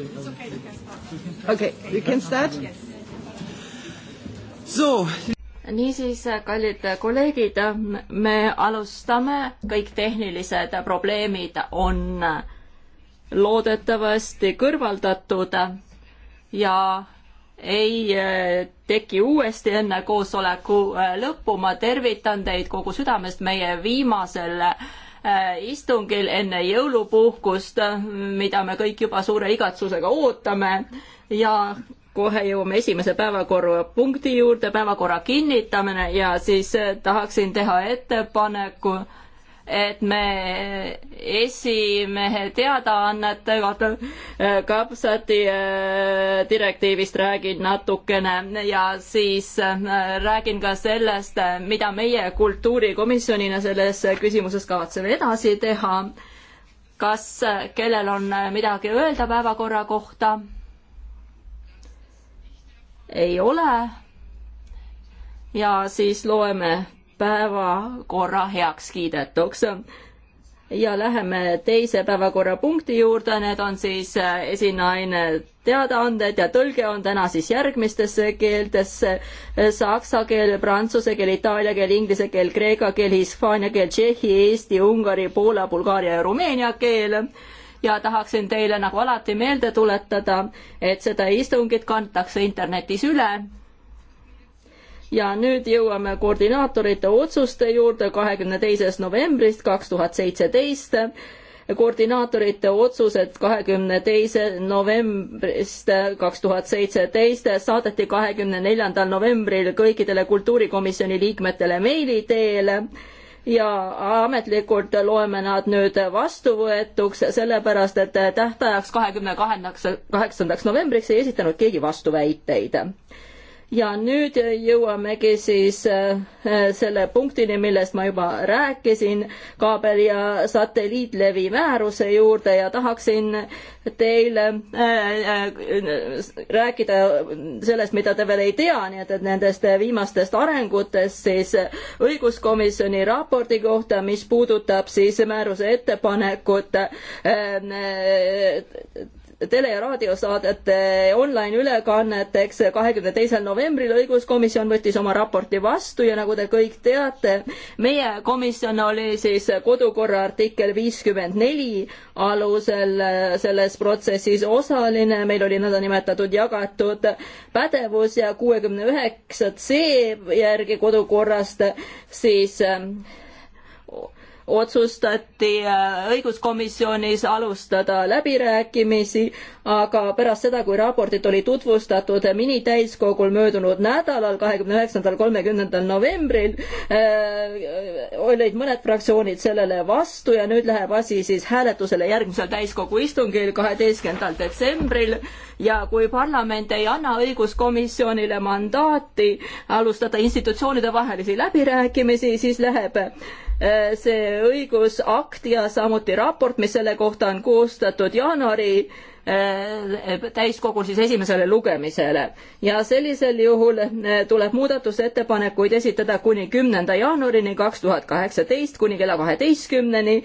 It's okay, you can start. Okay, you can start? Yes. So. niisiis, kallid kolleegid, me alustame, kõik tehnilised probleemid on loodetavasti kõrvaldatud ja ei eh, teki uuesti enne koosoleku eh, lõppu. ma tervitan teid kogu südamest meie viimasel äh, Äh, istungil enne jõulupuhkust, mida me kõik juba suure igatsusega ootame ja kohe jõuame esimese päevakorrapunkti juurde, päevakorra kinnitamine ja siis äh, tahaksin teha ettepaneku et me esimehe teadaannetega äh, kapsati äh, direktiivist räägin natukene ja siis äh, räägin ka sellest, mida meie kultuurikomisjonina selles küsimuses kavatseme edasi teha. kas kellel on midagi öelda päevakorra kohta? ei ole ja siis loeme päevakorra heaks kiidetuks. ja läheme teise päevakorrapunkti juurde, need on siis äh, esinaine teadaanded ja tõlge on täna siis järgmistesse keeltesse äh, saksa keel, prantsuse keel, itaalia keel, inglise keel, kreeka keel, hispaania keel, tšehhi, eesti, ungari, poola, bulgaaria ja rumeenia keel ja tahaksin teile nagu alati meelde tuletada, et seda istungit kantakse internetis üle ja nüüd jõuame koordinaatorite otsuste juurde kahekümne teisest novembrist kaks tuhat seitseteist. koordinaatorite otsused kahekümne teise novembrist kaks tuhat seitseteist saadeti kahekümne neljandal novembril kõikidele kultuurikomisjoni liikmetele meili teel ja ametlikult loeme nad nüüd vastuvõetuks, sellepärast et tähtajaks kahekümne kaheksandaks novembriks ei esitanud keegi vastuväiteid ja nüüd jõuamegi siis äh, äh, selle punktini, millest ma juba rääkisin, kaabel- ja satelliitlevi määruse juurde ja tahaksin teile äh, rääkida sellest, mida te veel ei tea, nii et, et nendest viimastest arengutest siis õiguskomisjoni raporti kohta, mis puudutab siis määruse ettepanekut tele- ja raadiosaadete online ülekanneteks. kahekümne teisel novembril õiguskomisjon võttis oma raporti vastu ja nagu te kõik teate, meie komisjon oli siis kodukorra artikkel viiskümmend neli alusel äh, selles protsessis osaline, meil oli nõndanimetatud jagatud pädevus ja kuuekümne üheksa C järgi kodukorrast siis äh, otsustati äh, õiguskomisjonis alustada läbirääkimisi, aga pärast seda, kui raportit oli tutvustatud minitäiskogul möödunud nädalal, kahekümne üheksandal, kolmekümnendal novembril äh,, olid mõned fraktsioonid sellele vastu ja nüüd läheb asi siis hääletusele järgmisel täiskogu istungil, kaheteistkümnendal detsembril ja kui parlament ei anna õiguskomisjonile mandaati alustada institutsioonide vahelisi läbirääkimisi, siis läheb Äh, see õigusakt ja samuti raport, mis selle kohta on koostatud jaanuari äh, täiskogul siis esimesele lugemisele ja sellisel juhul äh, tuleb muudatusettepanekuid esitada kuni kümnenda jaanuarini kaks tuhat kaheksateist kuni kella kaheteistkümneni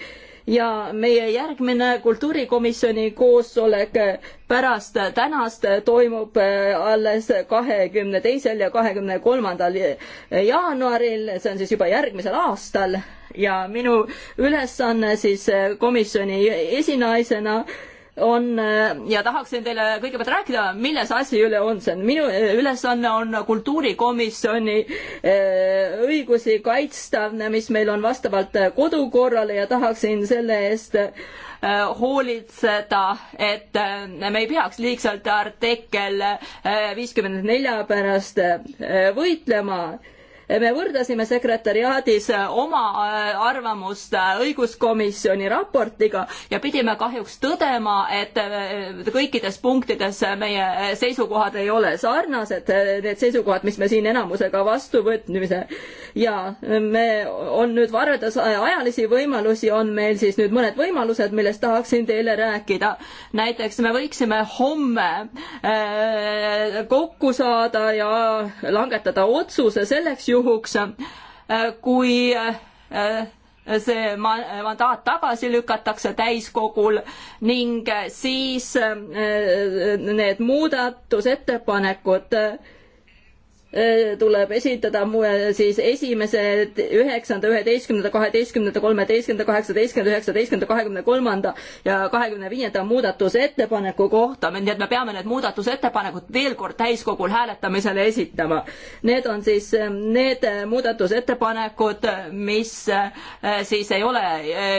ja meie järgmine kultuurikomisjoni koosolek pärast tänast toimub äh, alles kahekümne teisel ja kahekümne kolmandal jaanuaril, see on siis juba järgmisel aastal ja minu ülesanne siis äh, komisjoni esinaisena on ja tahaksin teile kõigepealt rääkida, milles asi üle on, see on minu eh, ülesanne on kultuurikomisjoni eh, õigusi kaitsta, mis meil on vastavalt eh, kodukorrale ja tahaksin selle eest hoolitseda, et me ei peaks liigselt artikkel viiskümmend nelja pärast võitlema me võrdlesime sekretäriaadis äh, oma äh, arvamust äh, õiguskomisjoni raportiga ja pidime kahjuks tõdema, et kõikides punktides meie seisukohad ei ole sarnased, need seisukohad, mis me siin enamusega vastu võtmise ja me on nüüd varjades ajalisi võimalusi, on meil siis nüüd mõned võimalused, millest tahaksin teile rääkida. näiteks me võiksime homme kokku saada ja langetada otsuse selleks juhuks, juhuks, äh, kui äh, see mandaat tagasi lükatakse täiskogul ning äh, siis need muudatusettepanekud Äh, tuleb esitada siis esimese, üheksanda, üheteistkümnenda, kaheteistkümnenda, kolmeteistkümnenda, kaheksateistkümnenda, üheksateistkümnenda, kahekümne kolmanda ja kahekümne viienda muudatusettepaneku kohta, nii et me peame need muudatusettepanekud veel kord täiskogul hääletamisele esitama. Need on siis äh, need muudatusettepanekud, mis äh, siis ei ole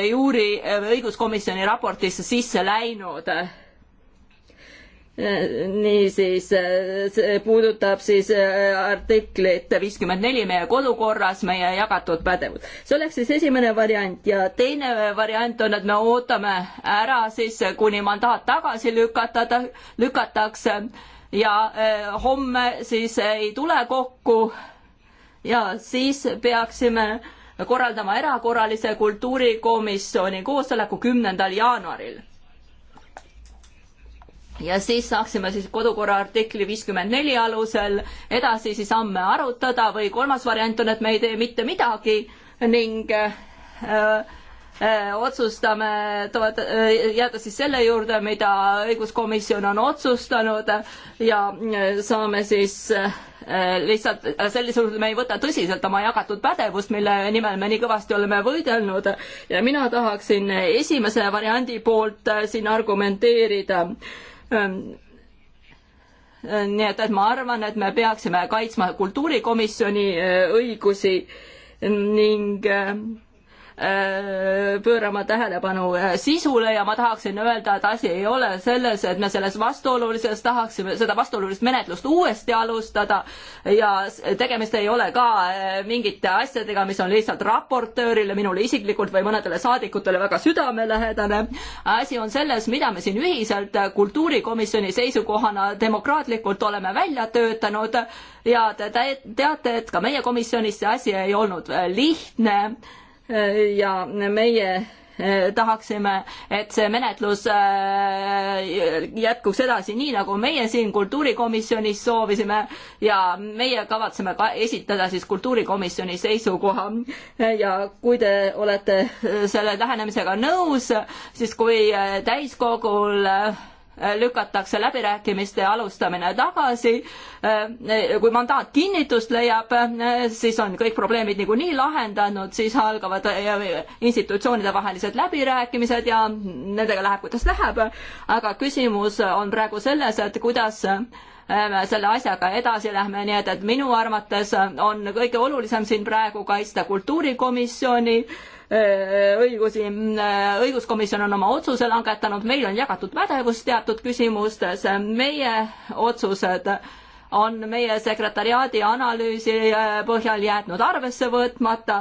juuri õiguskomisjoni raportisse sisse läinud niisiis, see puudutab siis äh, artiklit viiskümmend neli meie kodukorras, meie jagatud pädevus. see oleks siis esimene variant ja teine variant on, et me ootame ära siis, kuni mandaat tagasi lükata, lükatakse ja äh, homme siis ei tule kokku ja siis peaksime korraldama erakorralise kultuurikomisjoni koosoleku kümnendal jaanuaril ja siis saaksime siis kodukorra artikli viiskümmend neli alusel edasisi samme arutada või kolmas variant on, et me ei tee mitte midagi ning öö, äh, äh, otsustame toet-, äh, jääda siis selle juurde, mida õiguskomisjon on otsustanud ja saame siis lihtsalt sellisel juhul me ei võta tõsiselt oma jagatud pädevust, mille nimel me nii kõvasti oleme võidelnud ja mina tahaksin esimese variandi poolt siin argumenteerida Ähm, äh, nii et, et ma arvan, et me peaksime kaitsma kultuurikomisjoni äh, õigusi ning äh, Äh, pöörama tähelepanu äh, sisule ja ma tahaksin öelda, et asi ei ole selles, et me selles vastuolulises tahaksime seda vastuolulist menetlust uuesti alustada ja tegemist ei ole ka äh, mingite asjadega, mis on lihtsalt raportöörile, minule isiklikult või mõnedele saadikutele väga südamelähedane. asi on selles, mida me siin ühiselt kultuurikomisjoni seisukohana demokraatlikult oleme välja töötanud ja te teate, et ka meie komisjonis see asi ei olnud lihtne ja meie eh, tahaksime, et see menetlus eh, jätkuks edasi nii, nagu meie siin kultuurikomisjonis soovisime ja meie kavatseme ka esitada siis kultuurikomisjoni seisukoha. ja kui te olete selle lähenemisega nõus, siis kui eh, täiskogul lükatakse läbirääkimiste alustamine tagasi. Äh, kui mandaat kinnitust leiab, äh, siis on kõik probleemid niikuinii lahendanud, siis algavad äh, institutsioonide vahelised läbirääkimised ja nendega läheb, kuidas läheb. aga küsimus on praegu selles, et kuidas selle asjaga edasi lähme, nii et, et minu arvates on kõige olulisem siin praegu kaitsta kultuurikomisjoni äh, Äh, õigusi, mm, äh, õiguskomisjon on oma otsuse langetanud, meil on jagatud pädevus teatud küsimustes, meie otsused on meie sekretariaadi analüüsi äh, põhjal jäetud arvesse võtmata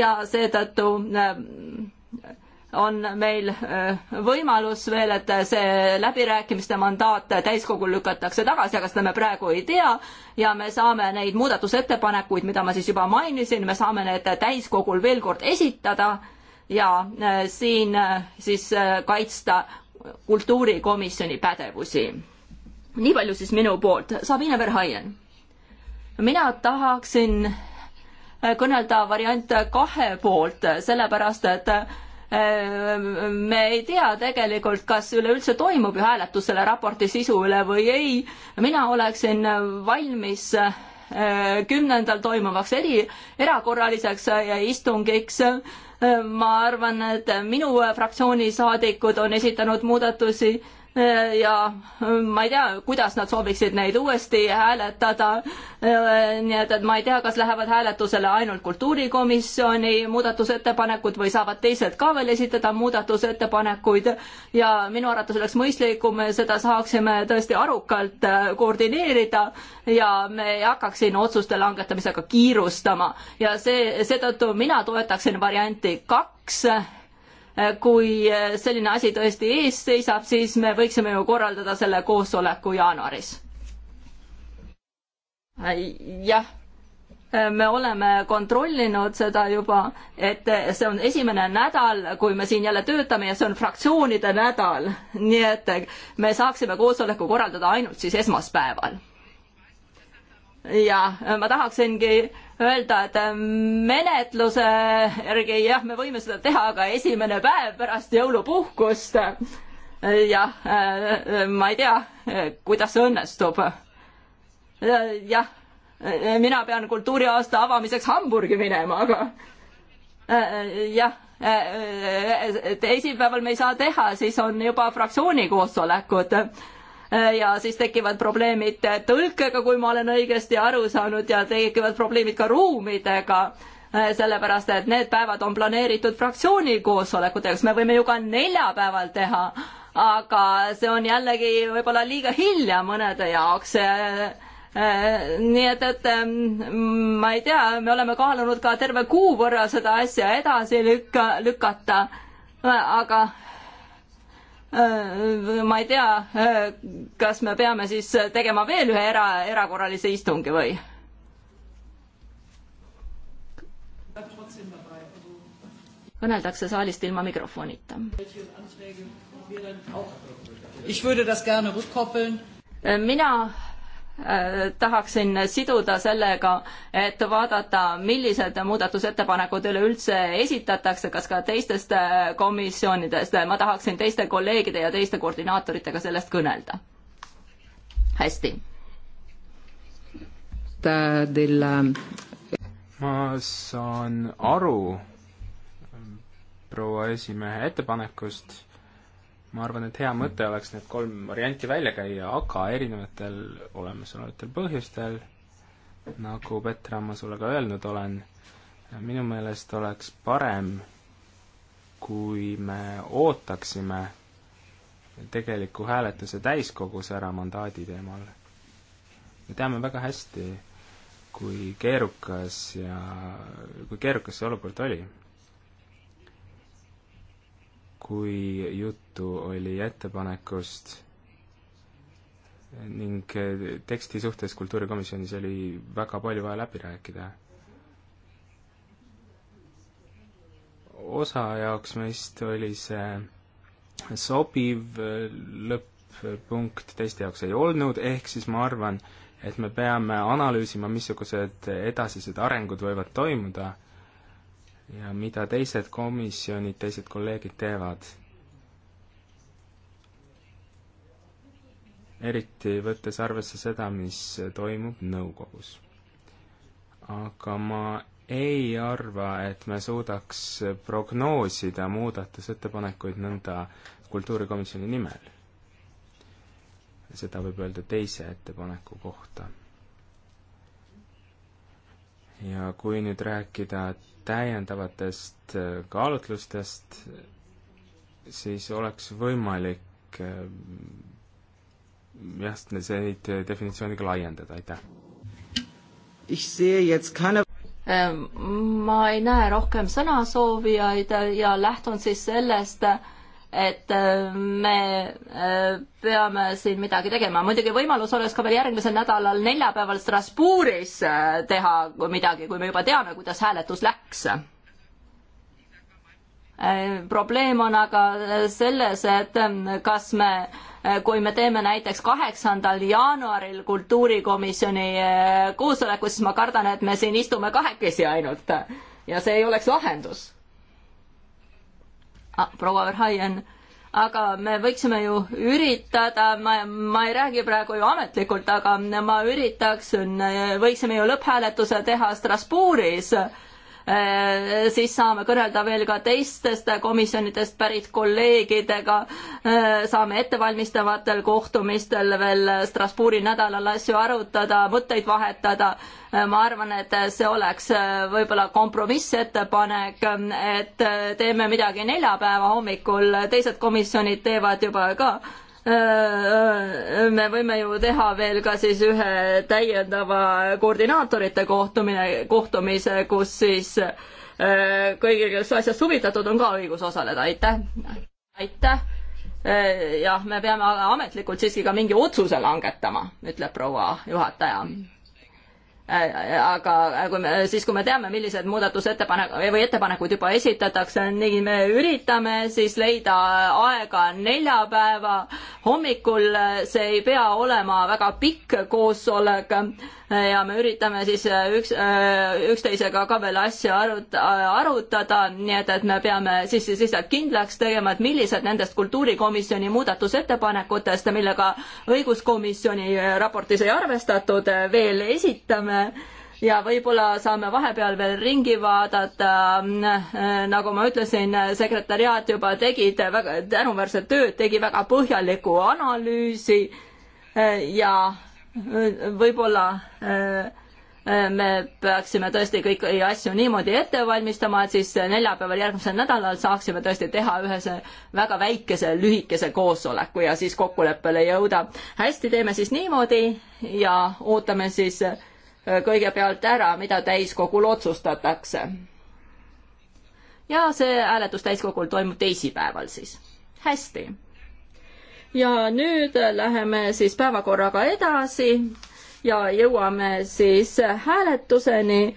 ja seetõttu on meil äh, võimalus veel, et see läbirääkimiste mandaat täiskogul lükatakse tagasi, aga seda me praegu ei tea ja me saame neid muudatusettepanekuid, mida ma siis juba mainisin, me saame need täiskogul veel kord esitada ja äh, siin äh, siis kaitsta kultuurikomisjoni pädevusi. nii palju siis minu poolt, Sabine Verhaien. mina tahaksin kõnelda variant kahe poolt, sellepärast et äh, Äh, me ei tea tegelikult, kas üleüldse toimub ju hääletus selle raporti sisu üle või ei. mina oleksin valmis äh, kümnendal toimuvaks eri, erakorraliseks äh, istungiks. ma arvan, et minu fraktsiooni saadikud on esitanud muudatusi ja äh, ma ei tea, kuidas nad sooviksid neid uuesti hääletada. Äh, nii et, et ma ei tea, kas lähevad hääletusele ainult kultuurikomisjoni muudatusettepanekud või saavad teised ka veel esitada muudatusettepanekuid ja minu arvates oleks mõistlikum, seda saaksime tõesti arukalt äh, koordineerida ja me ei hakkaks siin otsuste langetamisega kiirustama ja see, seetõttu mina toetaksin varianti kaks Äh, kui äh, selline asi tõesti ees seisab, siis me võiksime ju korraldada selle koosoleku jaanuaris. Äh, jah, me oleme kontrollinud seda juba, et see on esimene nädal, kui me siin jälle töötame ja see on fraktsioonide nädal, nii et me saaksime koosoleku korraldada ainult siis esmaspäeval. ja ma tahaksingi öelda, et ähm, menetluse järgi jah, me võime seda teha, aga esimene päev pärast jõulupuhkust. Äh, jah, äh, äh, ma ei tea, kuidas see õnnestub. jah, mina pean kultuuriaasta avamiseks Hamburgi minema, aga jah, et teisipäeval me ei saa teha, siis on juba fraktsiooni koosolekud Äh, ja siis tekivad probleemid tõlkega, kui ma olen õigesti aru saanud ja tekivad probleemid ka ruumidega, äh, sellepärast et need päevad on planeeritud fraktsiooni koosolekuteks, me võime ju ka neljapäeval teha, aga see on jällegi võib-olla liiga hilja mõnede jaoks äh, nii et, et ähm, ma ei tea, me oleme kaalunud ka terve kuu võrra seda asja edasi lükka, lükata, aga Äh, ma ei tea, äh, kas me peame siis tegema veel ühe era, erakorralise istungi või? kõneldakse saalist ilma mikrofonita. Äh, mina Äh, tahaksin siduda sellega, et vaadata, millised muudatusettepanekud üleüldse esitatakse, kas ka teistest äh, komisjonidest, ma tahaksin teiste kolleegide ja teiste koordinaatoritega sellest kõnelda. hästi. ma saan aru proua esimehe ettepanekust ma arvan, et hea mõte oleks need kolm varianti välja käia, aga erinevatel olemasolevatel põhjustel, nagu Petra, ma sulle ka öelnud olen, minu meelest oleks parem, kui me ootaksime tegeliku hääletuse täiskogus ära mandaadi teemal. me teame väga hästi, kui keerukas ja kui keerukas see olukord oli kui juttu oli ettepanekust ning teksti suhtes kultuurikomisjonis oli väga palju vaja läbi rääkida. osa jaoks meist oli see sobiv lõpp-punkt, teiste jaoks ei olnud, ehk siis ma arvan, et me peame analüüsima, missugused edasised arengud võivad toimuda ja mida teised komisjonid, teised kolleegid teevad. eriti võttes arvesse seda, mis toimub nõukogus. aga ma ei arva, et me suudaks prognoosida muudatusettepanekuid nõnda kultuurikomisjoni nimel. seda võib öelda teise ettepaneku kohta. ja kui nüüd rääkida täiendavatest äh, kaalutlustest, siis oleks võimalik äh, jah, neid definitsioone ka laiendada, aitäh. Ähm, ma ei näe rohkem sõnasoovijaid ja lähtun siis sellest, et äh, me äh, peame siin midagi tegema. muidugi võimalus oleks ka veel järgmisel nädalal neljapäeval Strasbourgis äh, teha midagi, kui me juba teame, kuidas hääletus läks. probleem on aga selles, et kas me kui me teeme näiteks kaheksandal jaanuaril kultuurikomisjoni koosoleku, siis ma kardan, et me siin istume kahekesi ainult ja see ei oleks lahendus proua Verhaien, aga me võiksime ju üritada, ma, ma ei räägi praegu ju ametlikult, aga ma üritaksin, võiksime ju lõpphääletuse teha Strasbourgis äh, Äh, siis saame kõnelda veel ka teistest komisjonidest pärit kolleegidega, äh, saame ettevalmistavatel kohtumistel veel Strasbourgi nädalal asju arutada, mõtteid vahetada. Äh, ma arvan, et see oleks võib-olla kompromissettepanek, et teeme midagi neljapäeva hommikul, teised komisjonid teevad juba ka Äh, äh, me võime ju teha veel ka siis ühe täiendava koordinaatorite kohtumine, kohtumise, kus siis äh, kõigil, kes asjast huvitatud on, ka õigus osaleda, aitäh. aitäh. jah, me peame ametlikult siiski ka mingi otsuse langetama, ütleb proua juhataja aga kui me, siis kui me teame, millised muudatusettepanek või ettepanekud juba esitatakse, nii me üritame siis leida aega neljapäeva hommikul, see ei pea olema väga pikk koosolek ja me üritame siis äh, üks, äh, üksteisega ka veel asja arut-, äh, arutada, nii et, et me peame siis lihtsalt kindlaks tegema, et millised nendest kultuurikomisjoni muudatusettepanekutest, millega õiguskomisjoni raportis ei arvestatud, veel esitame ja võib-olla saame vahepeal veel ringi vaadata, nagu ma ütlesin, sekretäriaat juba tegid väga tänuväärset tööd, tegi väga põhjaliku analüüsi ja võib-olla äh, äh, me peaksime tõesti kõiki asju niimoodi ette valmistama, et siis neljapäeval järgmisel nädalal saaksime tõesti teha ühe väga väikese lühikese koosoleku ja siis kokkuleppele jõuda. hästi, teeme siis niimoodi ja ootame siis äh, kõigepealt ära, mida täiskogul otsustatakse. ja see hääletus täiskogul toimub teisipäeval siis. hästi ja nüüd läheme siis päevakorraga edasi ja jõuame siis hääletuseni.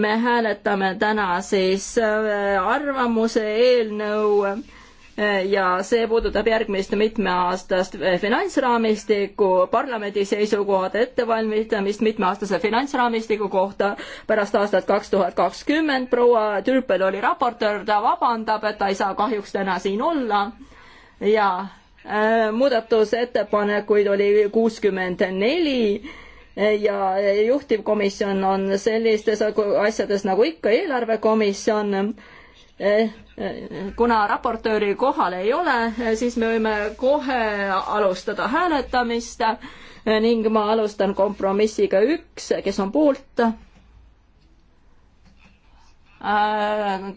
me hääletame täna siis äh, arvamuse eelnõu äh, ja see puudutab järgmist mitmeaastast äh, finantsraamistiku, parlamendi seisukohade ettevalmistamist mitmeaastase finantsraamistiku kohta pärast aastat kaks tuhat kakskümmend. proua Tüüpel oli raportöör, ta vabandab, et ta ei saa kahjuks täna siin olla ja Äh, muudatusettepanekuid oli kuuskümmend neli äh, ja juhtivkomisjon on sellistes asjades nagu ikka eelarvekomisjon. Äh, kuna raportööri kohal ei ole, siis me võime kohe alustada hääletamist ning ma alustan kompromissiga üks, kes on poolt.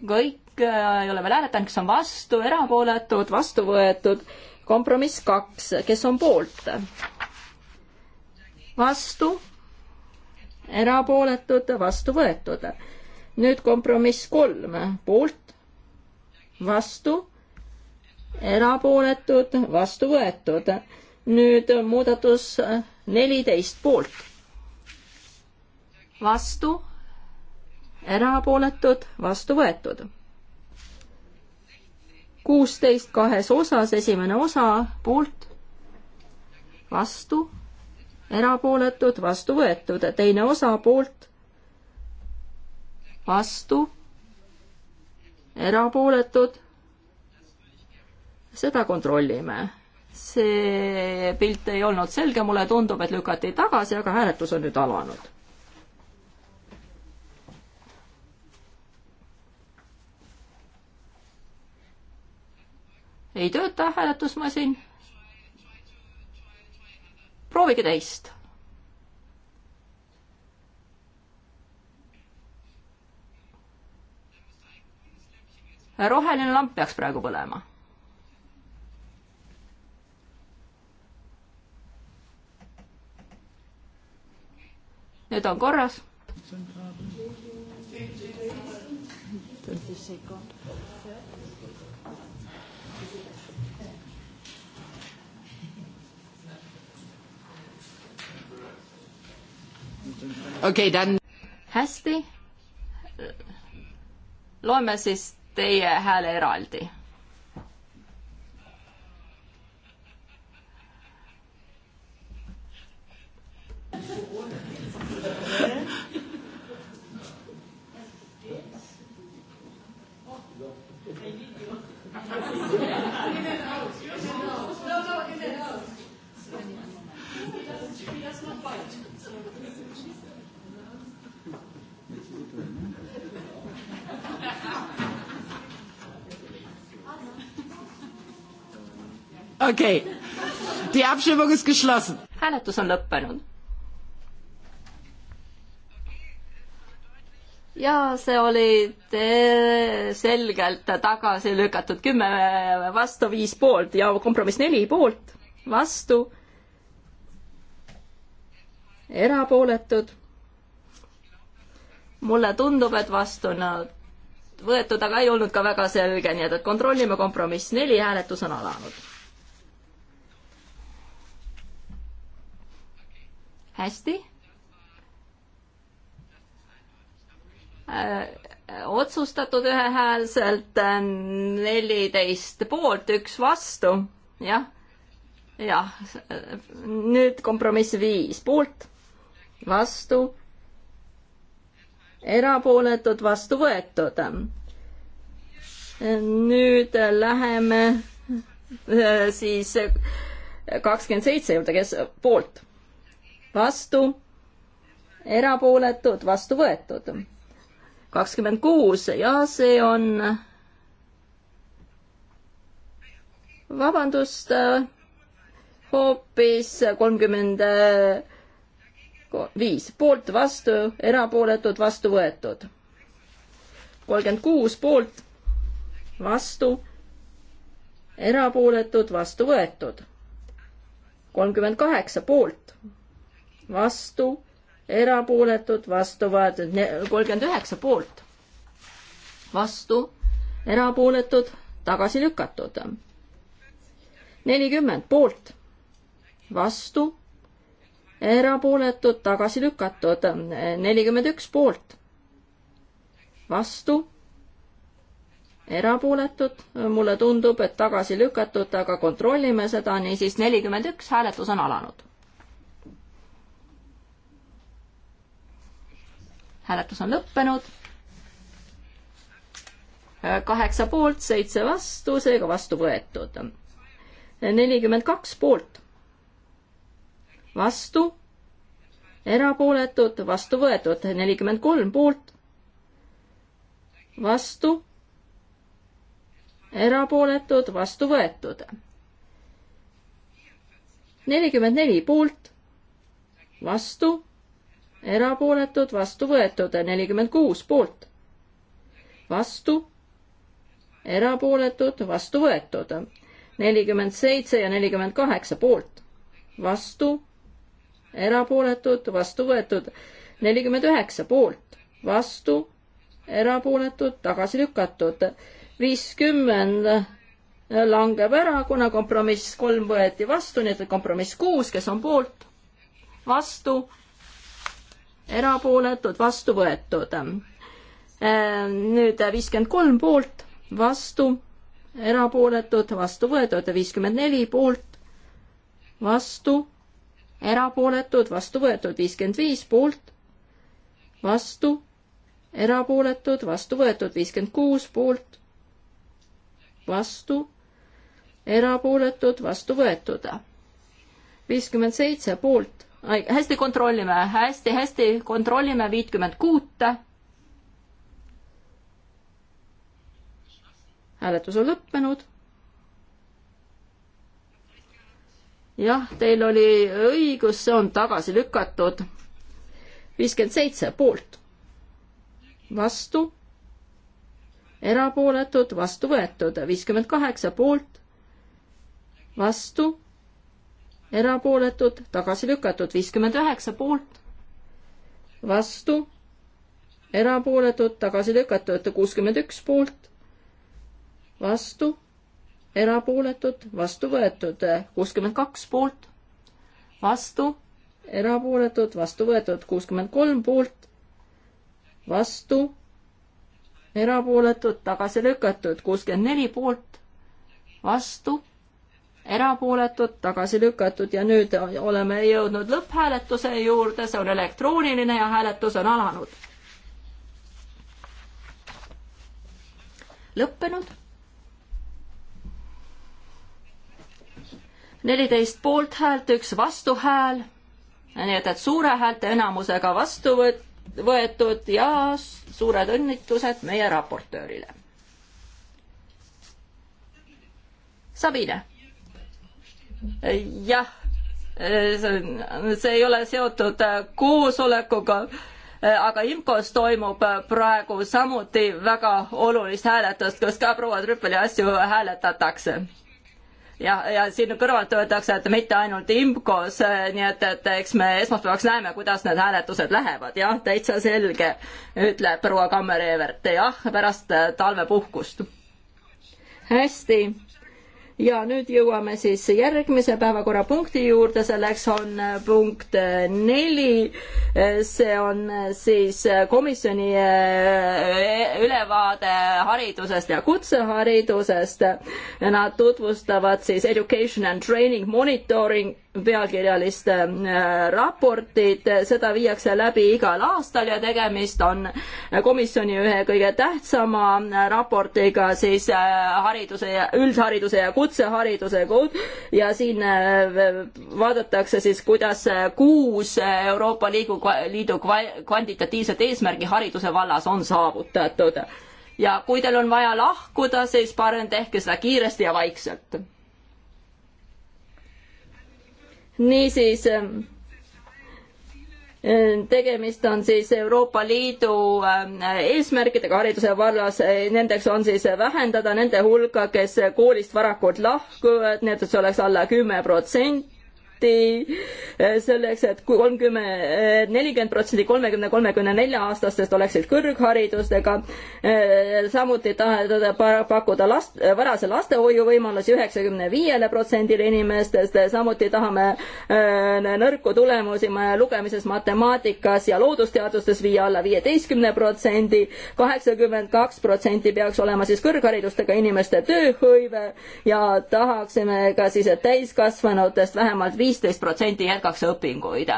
kõik ei ole veel hääletanud, kes on vastu, erapooletud, vastu võetud kompromiss kaks, kes on poolt? vastu, erapooletud, vastu võetud. nüüd kompromiss kolm, poolt, vastu, erapooletud, vastu võetud. nüüd muudatus neliteist poolt, vastu, erapooletud, vastu võetud kuusteist kahes osas, esimene osa poolt, vastu, erapooletud, vastu võetud, teine osa poolt, vastu, erapooletud, seda kontrollime. see pilt ei olnud selge, mulle tundub, et lükati tagasi, aga hääletus on nüüd alanud ei tööta hääletusmasin. proovige teist. roheline lamp peaks praegu põlema nüüd on korras. okei okay,, Dan. hästi. loeme siis teie hääle eraldi okei okay., die Abstimmung ist geschlossen. hääletus on lõppenud. ja see oli selgelt tagasi lükatud kümme vastu, viis poolt ja kompromiss neli poolt, vastu, erapooletud. mulle tundub, et vastu nad võetud, aga ei olnud ka väga selge, nii et, et kontrollime kompromiss neli, hääletus on alanud hästi. Äh, otsustatud ühehäälselt äh, neliteist poolt, üks vastu, jah, jah, nüüd kompromiss viis poolt, vastu, erapooletud, vastu võetud. nüüd läheme äh, siis kakskümmend seitse juurde, kes poolt vastu, erapooletud, vastu võetud. kakskümmend kuus ja see on, vabandust, hoopis kolmkümmend viis, poolt, vastu, erapooletud, vastu võetud. kolmkümmend kuus poolt, vastu, erapooletud, vastu võetud. kolmkümmend kaheksa poolt, vastu, erapooletud, vastu võetud, kolmkümmend üheksa poolt, vastu, erapooletud, tagasi lükatud. nelikümmend poolt, vastu, erapooletud, tagasi lükatud, nelikümmend üks poolt, vastu erapooletud, mulle tundub, et tagasi lükatud, aga kontrollime seda, niisiis nelikümmend üks hääletus on alanud. hääletus on lõppenud. kaheksa poolt, seitse vastu, seega vastu võetud. nelikümmend kaks poolt, vastu, erapooletud, vastu võetud, nelikümmend kolm poolt, vastu, erapooletud, vastu võetud. nelikümmend neli poolt, vastu erapooletud, vastu võetud, nelikümmend kuus poolt, vastu, erapooletud, vastu võetud, nelikümmend seitse ja nelikümmend kaheksa poolt, vastu, erapooletud, vastu võetud, nelikümmend üheksa poolt, vastu, erapooletud, tagasi lükatud, viiskümmend langeb ära, kuna kompromiss kolm võeti vastu, nii et kompromiss kuus, kes on poolt, vastu erapooletud, vastu võetud. Äh, nüüd viiskümmend kolm poolt, vastu, erapooletud, vastu võetud, viiskümmend neli poolt, vastu, erapooletud, vastu võetud, viiskümmend viis poolt, vastu, erapooletud, vastu võetud, viiskümmend kuus poolt, vastu, erapooletud, vastu võetud. viiskümmend seitse poolt, hästi kontrollime hästi,, hästi-hästi kontrollime viitkümmend kuute. hääletus on lõppenud. jah, teil oli õigus, see on tagasi lükatud. viiskümmend seitse poolt, vastu, erapooletud, vastu võetud, viiskümmend kaheksa poolt, vastu erapooletud, tagasi lükatud, viiskümmend üheksa poolt, vastu, erapooletud, tagasi lükatud, kuuskümmend üks poolt, vastu, erapooletud, vastu võetud, kuuskümmend kaks poolt, vastu, erapooletud, vastu võetud, kuuskümmend kolm poolt, vastu, erapooletud, tagasi lükatud, kuuskümmend neli poolt, vastu erapooletud, tagasi lükatud ja nüüd oleme jõudnud lõpphääletuse juurde, see on elektrooniline ja hääletus on alanud. lõppenud. neliteist poolthäält, üks vastuhääl, nii et, et suure häälte enamusega vastu võetud ja suured õnnitlused meie raportöörile. Sabine jah, see ei ole seotud äh, koosolekuga, äh, aga IMCO-s toimub äh, praegu samuti väga olulist hääletust, kus ka proua Trüppeli asju hääletatakse ja, ja siin kõrvalt öeldakse, et mitte ainult IMCO-s, nii et, et eks me esmaspäevaks näeme, kuidas need hääletused lähevad, jah, täitsa selge, ütleb proua Kammer-Evert, jah, pärast talvepuhkust. hästi ja nüüd jõuame siis järgmise päevakorrapunkti juurde, selleks on äh, punkt äh, neli. Äh, see on siis komisjoni ülevaade haridusest ja kutseharidusest. Nad tutvustavad siis Education and Training Monitoring pealkirjalist raportit, seda viiakse läbi igal aastal ja tegemist on komisjoni ühe kõige tähtsama raportiga siis hariduse ja üldhariduse ja kutsehariduse kutsehariduse koht ja siin äh, vaadatakse siis, kuidas äh, kuus äh, Euroopa Liidu, Liidu kvantitatiivset eesmärgi hariduse vallas on saavutatud. ja kui teil on vaja lahkuda, siis parem tehke seda kiiresti ja vaikselt. niisiis ähm, Äh, tegemist on siis Euroopa Liidu ähm, eesmärkidega hariduse vallas, äh, nendeks on siis vähendada nende hulka, kes koolist varakult lahkuvad, nii et see oleks alla kümme protsenti tehti eh, selleks et, et kui kolmkümmend, eh, nelikümmend protsenti kolmekümne, kolmekümne nelja aastastest oleksid kõrgharidusega, eh, samuti taheti pakkuda last, varase lastehoiu võimalusi üheksakümne viiele protsendile inimestest, samuti tahame nõrku tulemusi lugemises, matemaatikas ja loodusteadustes viia alla viieteistkümne protsendi, kaheksakümmend kaks protsenti peaks olema siis kõrgharidustega inimeste tööhõive ja tahaksime ka siis, et täiskasvanutest vähemalt viis viisteist protsenti jätkaks õpinguid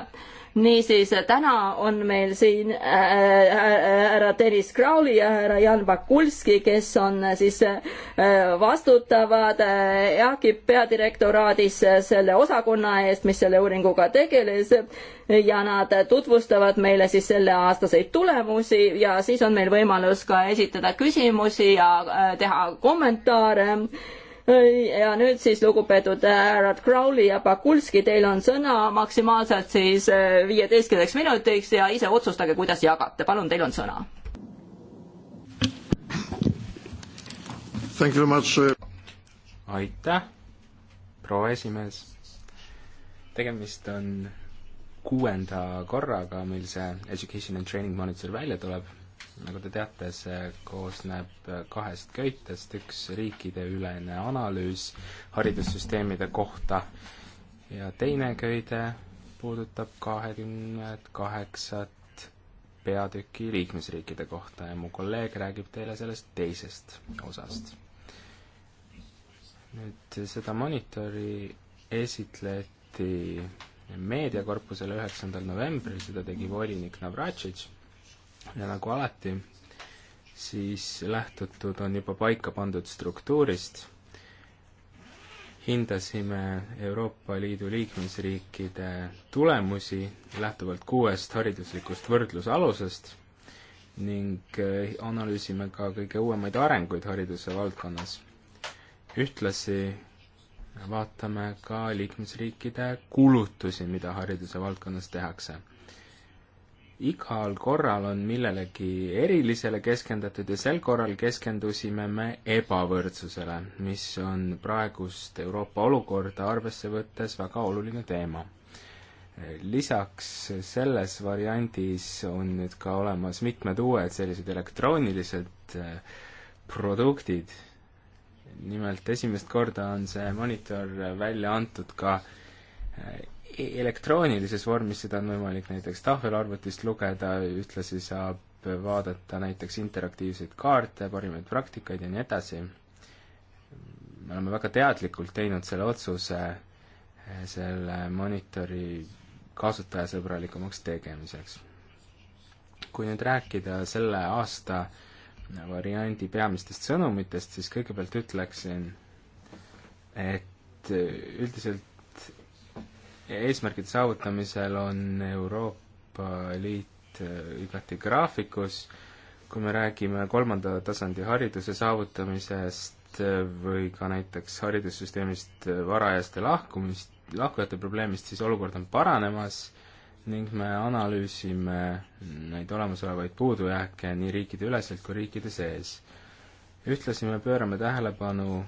niisiis täna on meil siin äh, äh, äh, härra Tõnis Krauli ja härra Jan Bakulski, kes on siis vastutavad EAK-i peadirektoraadis selle osakonna eest, mis selle uuringuga tegeles ja nad tutvustavad meile siis selleaastaseid tulemusi ja siis on meil võimalus ka esitada küsimusi ja teha kommentaare Äh, ja nüüd siis lugupeetud äh, härrad Crowley ja Pakulski, teil on sõna maksimaalselt siis äh, viieteistkümneks minutiks ja ise otsustage, kuidas jagate, palun, teil on sõna. aitäh, proua esimees. tegemist on kuuenda korraga, mil see Education and Training Monitor välja tuleb nagu te teate, see koosneb kahest köitest, üks riikideülene analüüs haridussüsteemide kohta ja teine köide puudutab kahekümnet kaheksat peatüki liikmesriikide kohta ja mu kolleeg räägib teile sellest teisest osast. nüüd seda monitori esitleti meediakorpusele üheksandal novembril, seda tegi volinik Navratšitš ja nagu alati, siis lähtutud on juba paika pandud struktuurist, hindasime Euroopa Liidu liikmesriikide tulemusi lähtuvalt kuuest hariduslikust võrdlusalusest ning eh, analüüsime ka kõige uuemaid arenguid hariduse valdkonnas. ühtlasi vaatame ka liikmesriikide kulutusi, mida hariduse valdkonnas tehakse igal korral on millelegi erilisele keskendatud ja sel korral keskendusime me ebavõrdsusele, mis on praegust Euroopa olukorda arvesse võttes väga oluline teema. lisaks selles variandis on nüüd ka olemas mitmed uued sellised elektroonilised äh, produktid, nimelt esimest korda on see monitor välja antud ka äh, E-, elektroonilises vormis, seda on võimalik näiteks tahvelarvutist lugeda, ühtlasi saab vaadata näiteks interaktiivseid kaarte, parimaid praktikaid ja nii edasi. me oleme väga teadlikult teinud selle otsuse eh, selle monitori kasutajasõbralikumaks tegemiseks. kui nüüd rääkida selle aasta variandi peamistest sõnumitest, siis kõigepealt ütleksin, et üldiselt eesmärkide saavutamisel on Euroopa Liit äh, igati graafikus, kui me räägime kolmanda tasandi hariduse saavutamisest äh, või ka näiteks haridussüsteemist äh, varajaste lahkumist, lahkujate probleemist, siis olukord on paranemas ning me analüüsime neid olemasolevaid puudujääke nii riikide üleselt kui riikide sees. ühtlasi me pöörame tähelepanu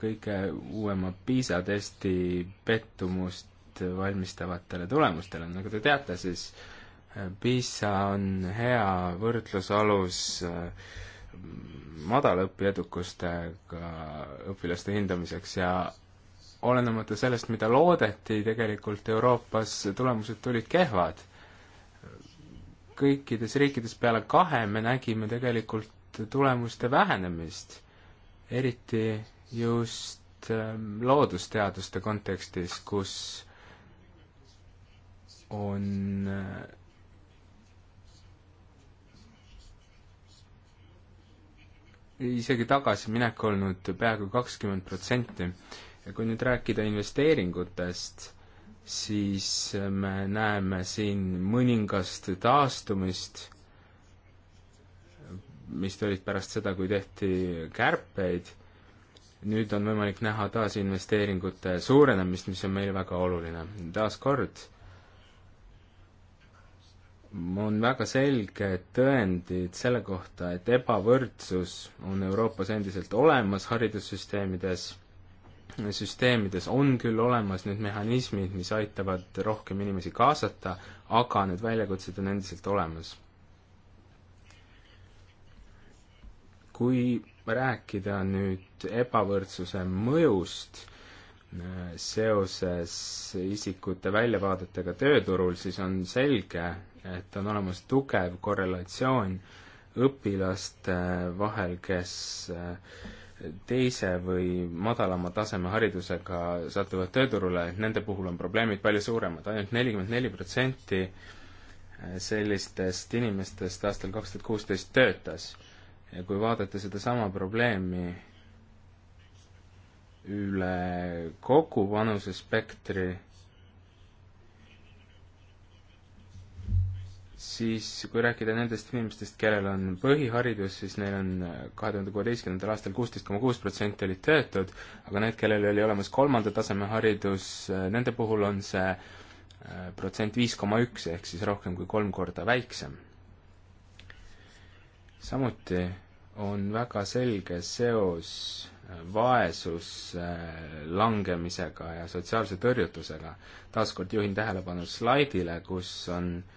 kõige uuema PISA testi pettumust ettevalmistavatele tulemustele, nagu te teate, siis äh, PISA on hea võrdlusalus äh, madala õpiedukustega õpilaste hindamiseks ja olenemata sellest, mida loodeti, tegelikult Euroopas tulemused tulid kehvad. kõikides riikides peale kahe me nägime tegelikult tulemuste vähenemist, eriti just äh, loodusteaduste kontekstis, kus on äh, isegi tagasiminek olnud peaaegu kakskümmend protsenti. ja kui nüüd rääkida investeeringutest, siis äh, me näeme siin mõningast taastumist, mis tulid pärast seda, kui tehti kärpeid, nüüd on võimalik näha taas investeeringute suurenemist, mis on meile väga oluline. taaskord on väga selged tõendid selle kohta, et ebavõrdsus on Euroopas endiselt olemas haridussüsteemides, süsteemides on küll olemas need mehhanismid, mis aitavad rohkem inimesi kaasata, aga need väljakutsed on endiselt olemas. kui rääkida nüüd ebavõrdsuse mõjust, äh, seoses isikute väljavaadetega tööturul, siis on selge, et on olemas tugev korrelatsioon õpilaste vahel, kes äh, teise või madalama taseme haridusega satuvad tööturule, et nende puhul on probleemid palju suuremad ainult, ainult nelikümmend neli protsenti äh, sellistest inimestest aastal kaks tuhat kuusteist töötas. ja kui vaadata sedasama probleemi üle kogu vanusespektri, siis kui rääkida nendest inimestest, kellel on põhiharidus, siis neil on äh, kahe tuhande kuueteistkümnendal aastal kuusteist koma kuus protsenti olid töötud, aga need, kellel oli olemas kolmanda taseme haridus, äh, nende puhul on see äh, protsent viis koma üks, ehk siis rohkem kui kolm korda väiksem. samuti on väga selge seos vaesuse langemisega ja sotsiaalse tõrjutusega. taaskord juhin tähelepanu slaidile, kus on äh,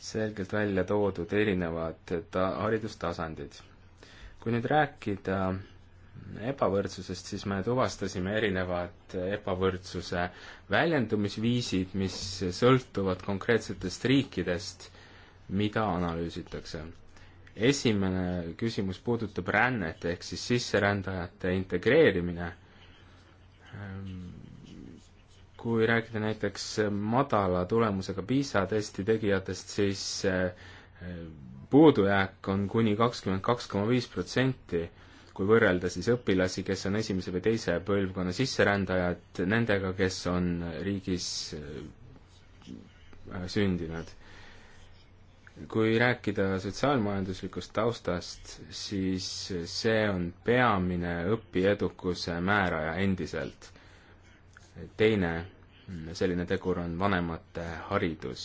selgelt välja toodud erinevad ta-, haridustasandid. kui nüüd rääkida ebavõrdsusest, siis me tuvastasime erinevad ebavõrdsuse väljendumisviisid, mis sõltuvad konkreetsetest riikidest, mida analüüsitakse. esimene küsimus puudutab rännet, ehk siis sisserändajate integreerimine kui rääkida näiteks madala tulemusega PISA testi tegijatest, siis eh, puudujääk on kuni kakskümmend kaks koma viis protsenti, kui võrrelda siis õpilasi, kes on esimese või teise põlvkonna sisserändajad, nendega, kes on riigis eh, sündinud. kui rääkida sotsiaalmajanduslikust taustast, siis see on peamine õpiedukuse määraja endiselt teine selline tegur on vanemate haridus.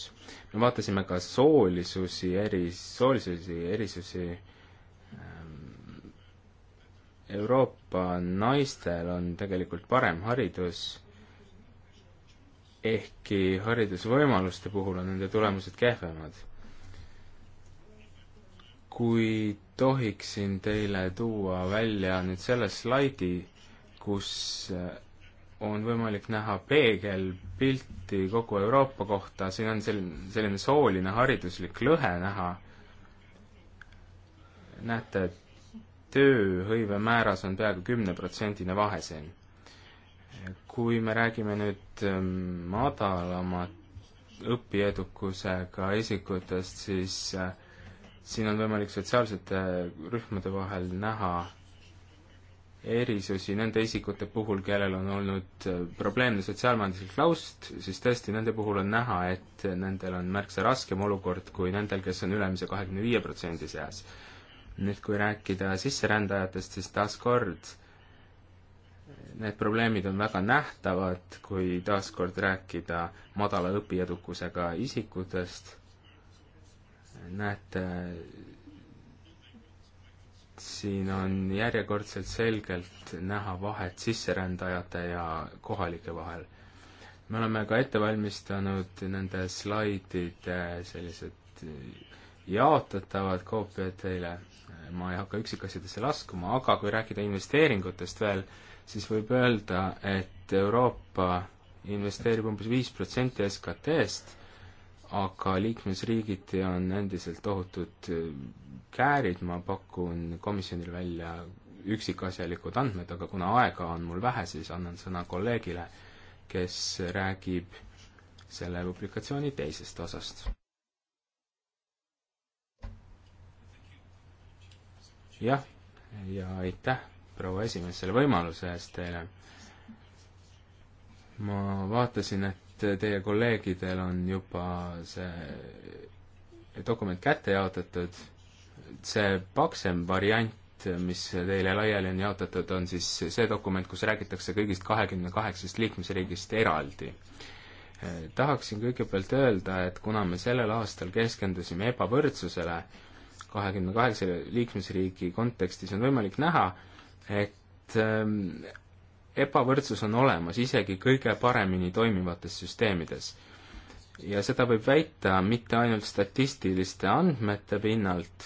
me vaatasime ka soolisusi, eri, soolisusi, erisusi. Ähm, Euroopa naistel on tegelikult parem haridus, ehkki haridusvõimaluste puhul on nende tulemused kehvemad. kui tohiksin teile tuua välja nüüd selle slaidi, kus on võimalik näha peegelpilti kogu Euroopa kohta, siin on selline, selline sooline hariduslik lõhe näha. näete, et tööhõive määras on peaaegu kümneprotsendine vahe siin. kui me räägime nüüd ähm, madalamat õpiedukusega isikutest, siis äh, siin on võimalik sotsiaalsete rühmade vahel näha erisusi nende isikute puhul, kellel on olnud äh, probleemne sotsiaalmajanduslik laust, siis tõesti, nende puhul on näha, et nendel on märksa raskem olukord kui nendel, kes on ülemise kahekümne viie protsendi seas. nüüd, kui rääkida sisserändajatest, siis taaskord need probleemid on väga nähtavad, kui taaskord rääkida madala õpiedukusega isikutest, näete siin on järjekordselt selgelt näha vahet sisserändajate ja kohalike vahel. me oleme ka ette valmistanud nende slaidide sellised jaotatavad koopiad teile, ma ei hakka üksikasjadesse laskuma, aga kui rääkida investeeringutest veel, siis võib öelda, et Euroopa investeerib umbes viis protsenti SKT-st aga liikmesriigiti on endiselt tohutud äh, käärid, ma pakun komisjonil välja üksikasjalikud andmed, aga kuna aega on mul vähe, siis annan sõna kolleegile, kes räägib selle publikatsiooni teisest osast. jah, ja aitäh, proua esimees, selle võimaluse eest teile. ma vaatasin, et et teie kolleegidel on juba see dokument kätte jaotatud, see paksem variant, mis teile laiali on jaotatud, on siis see dokument, kus räägitakse kõigist kahekümne kaheksast liikmesriigist eraldi. tahaksin kõigepealt öelda, et kuna me sellel aastal keskendusime ebavõrdsusele, kahekümne kaheksa liikmesriigi kontekstis on võimalik näha, et ebavõrdsus on olemas isegi kõige paremini toimivates süsteemides. ja seda võib väita mitte ainult statistiliste andmete pinnalt,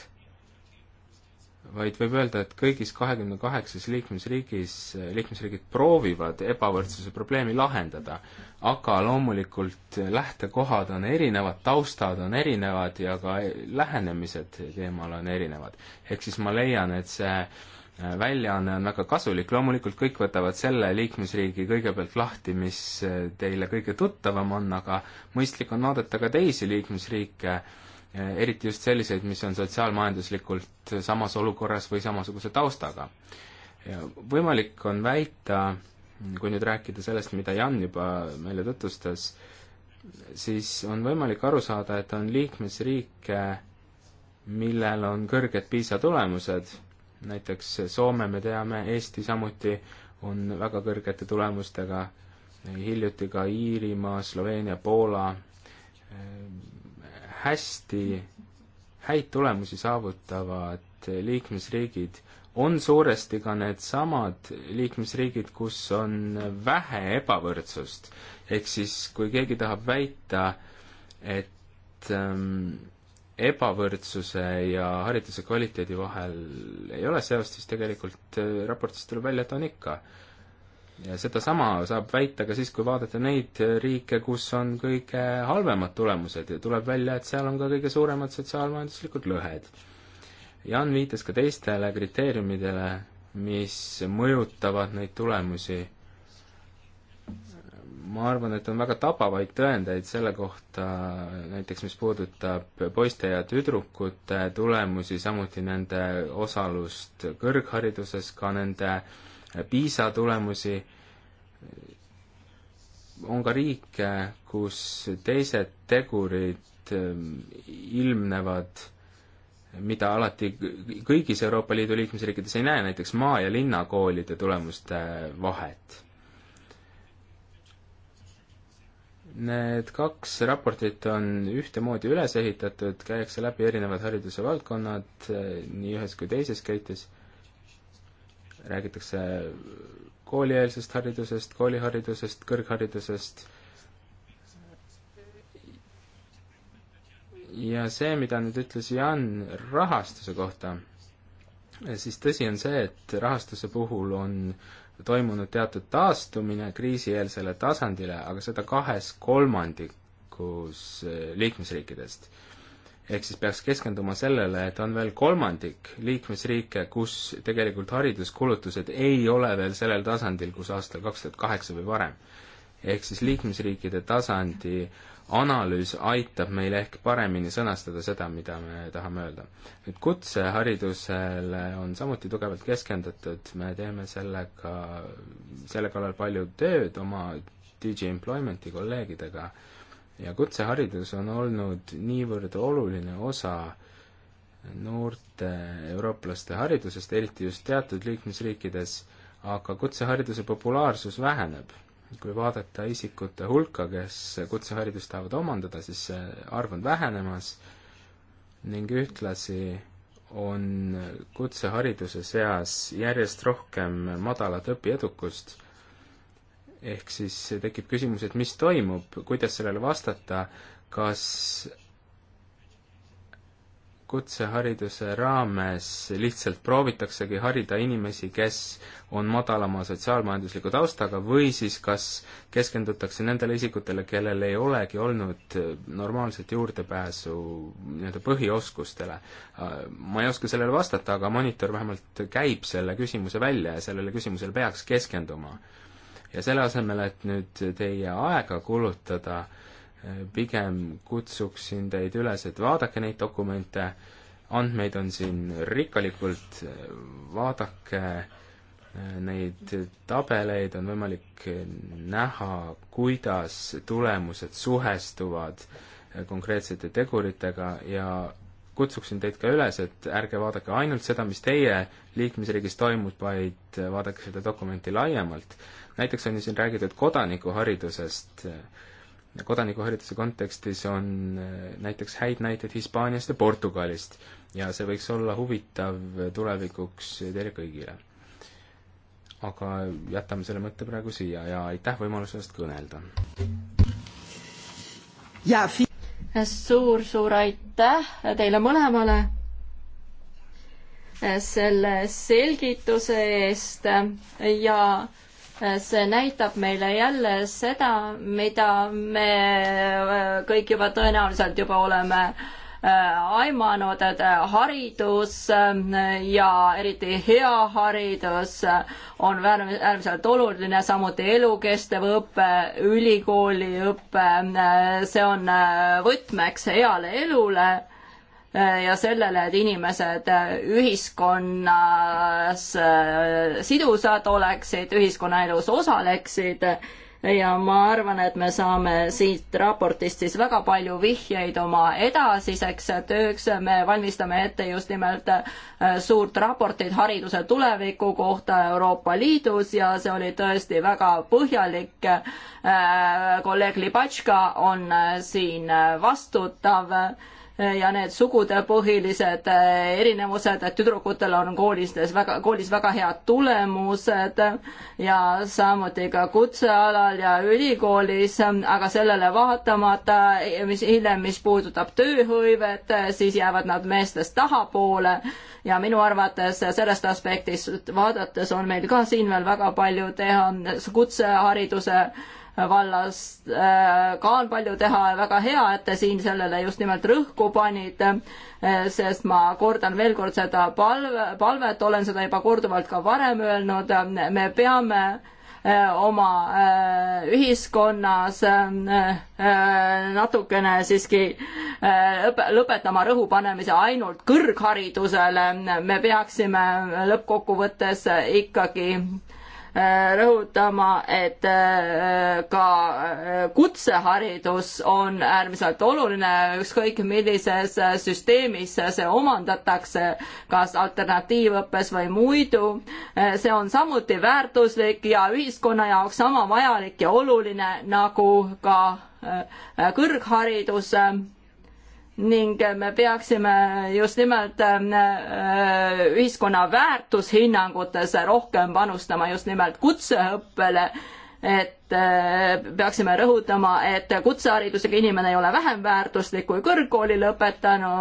vaid võib öelda, et kõigis kahekümne kaheksas liikmesriigis, liikmesriigid proovivad ebavõrdsuse probleemi lahendada, aga loomulikult lähtekohad on erinevad, taustad on erinevad ja ka lähenemised teemal on erinevad. ehk siis ma leian, et see äh, väljaanne on väga kasulik, loomulikult kõik võtavad selle liikmesriigi kõigepealt lahti, mis eh, teile kõige tuttavam on, aga mõistlik on vaadata ka teisi liikmesriike, eh, eriti just selliseid, mis on sotsiaalmajanduslikult samas olukorras või samasuguse taustaga. võimalik on väita, kui nüüd rääkida sellest, mida Jan juba meile tutvustas, siis on võimalik aru saada, et on liikmesriike, millel on kõrged PISA tulemused näiteks Soome, me teame, Eesti samuti on väga kõrgete tulemustega, hiljuti ka Iirimaa, Sloveenia, Poola hästi häid tulemusi saavutavad liikmesriigid on suuresti ka needsamad liikmesriigid, kus on vähe ebavõrdsust. ehk siis, kui keegi tahab väita, et ähm, ebavõrdsuse ja hariduse kvaliteedi vahel ei ole seost, siis tegelikult äh, raportist tuleb välja, et on ikka. ja sedasama saab väita ka siis, kui vaadata neid äh, riike, kus on kõige halvemad tulemused ja tuleb välja, et seal on ka kõige suuremad sotsiaalmajanduslikud lõhed. Jan viitas ka teistele kriteeriumidele, mis mõjutavad neid tulemusi ma arvan, et on väga tabavaid tõendeid selle kohta, näiteks mis puudutab poiste ja tüdrukute tulemusi, samuti nende osalust kõrghariduses, ka nende PISA tulemusi, on ka riike, kus teised tegurid ähm, ilmnevad, mida alati kõigis Euroopa Liidu liikmesriikides ei näe, näiteks maa- ja linnakoolide tulemuste vahet Need kaks raportit on ühtemoodi üles ehitatud, käiakse läbi erinevad hariduse valdkonnad nii ühes kui teises köites, räägitakse koolieelsest haridusest, kooliharidusest, kõrgharidusest ja see, mida nüüd ütles Jan rahastuse kohta, siis tõsi on see, et rahastuse puhul on toimunud teatud taastumine kriisieelsele tasandile, aga seda kahes kolmandikus eh, liikmesriikidest. ehk siis peaks keskenduma sellele, et on veel kolmandik liikmesriike, kus tegelikult hariduskulutused ei ole veel sellel tasandil, kus aastal kaks tuhat kaheksa või varem ehk siis liikmesriikide tasandi analüüs aitab meil ehk paremini sõnastada seda, mida me tahame öelda. nüüd kutseharidusele on samuti tugevalt keskendutud, me teeme sellega, selle kallal palju tööd oma DJ Employmenti kolleegidega ja kutseharidus on olnud niivõrd oluline osa noorte eurooplaste haridusest, eriti just teatud liikmesriikides, aga kutsehariduse populaarsus väheneb kui vaadata isikute hulka, kes kutseharidust tahavad omandada, siis see arv on vähenemas ning ühtlasi on kutsehariduse seas järjest rohkem madalat õpiedukust. ehk siis tekib küsimus, et mis toimub, kuidas sellele vastata, kas kutsehariduse raames lihtsalt proovitaksegi harida inimesi, kes on madalama sotsiaalmajandusliku taustaga või siis kas keskendutakse nendele isikutele, kellel ei olegi olnud normaalset juurdepääsu nii-öelda põhioskustele. ma ei oska sellele vastata, aga monitor vähemalt käib selle küsimuse välja ja sellele küsimusele peaks keskenduma. ja selle asemel, et nüüd teie aega kulutada äh, pigem kutsuksin teid üles, et vaadake neid dokumente, andmeid on siin rikkalikult, vaadake äh, neid tabeleid, on võimalik näha, kuidas tulemused suhestuvad äh, konkreetsete teguritega ja kutsuksin teid ka üles, et ärge vaadake ainult seda, mis teie liikmesriigis toimub, vaid äh, vaadake seda dokumenti laiemalt. näiteks on ju siin räägitud kodanikuharidusest äh,, kodanikuhariduse kontekstis on äh, näiteks häid näiteid Hispaaniast ja Portugalist ja see võiks olla huvitav tulevikuks teile kõigile. aga jätame selle mõtte praegu siia ja aitäh võimaluse eest kõnelda! suur-suur aitäh teile mõlemale selle selgituse eest ja see näitab meile jälle seda, mida me äh, kõik juba tõenäoliselt juba oleme äh, aimanud, et haridus äh, ja eriti hea haridus on äärmiselt oluline, samuti elukestev õpe, ülikooliõpe, see on võtmeks heale elule Äh, ja sellele, et inimesed äh, ühiskonnas äh, sidusad oleksid, ühiskonnaelus osaleksid ja ma arvan, et me saame siit raportist siis väga palju vihjeid oma edasiseks tööks, me valmistame ette just nimelt suurt raportit hariduse tuleviku kohta Euroopa Liidus ja see oli tõesti väga põhjalik. kolleeg Libatška on siin vastutav ja need sugude põhilised äh, erinevused, et tüdrukutel on koolides väga, koolis väga head tulemused ja samuti ka kutsealal ja ülikoolis, aga sellele vaatamata, mis hiljem, mis puudutab tööhõivet, siis jäävad nad meestest tahapoole ja minu arvates sellest aspektist vaadates on meil ka siin veel väga palju teha kutsehariduse vallas äh, ka on palju teha ja väga hea, et te siin sellele just nimelt rõhku panite, äh, sest ma kordan veel kord seda palve, palvet, olen seda juba korduvalt ka varem öelnud, me peame äh, oma ühiskonnas natukene siiski lõpetama rõhu panemise ainult kõrgharidusele, me peaksime lõppkokkuvõttes ikkagi Äh, rõhutama, et äh, ka äh, kutseharidus on äärmiselt oluline, ükskõik millises süsteemis see omandatakse, kas alternatiivõppes või muidu. see on samuti väärtuslik ja ühiskonna jaoks sama vajalik ja oluline nagu ka kõrgharidus ning me peaksime just nimelt äh, äh, ühiskonna väärtushinnangutesse rohkem panustama just nimelt kutseõppele, et äh, peaksime rõhutama, et kutseharidusega inimene ei ole vähem väärtuslik kui kõrgkooli lõpetanu,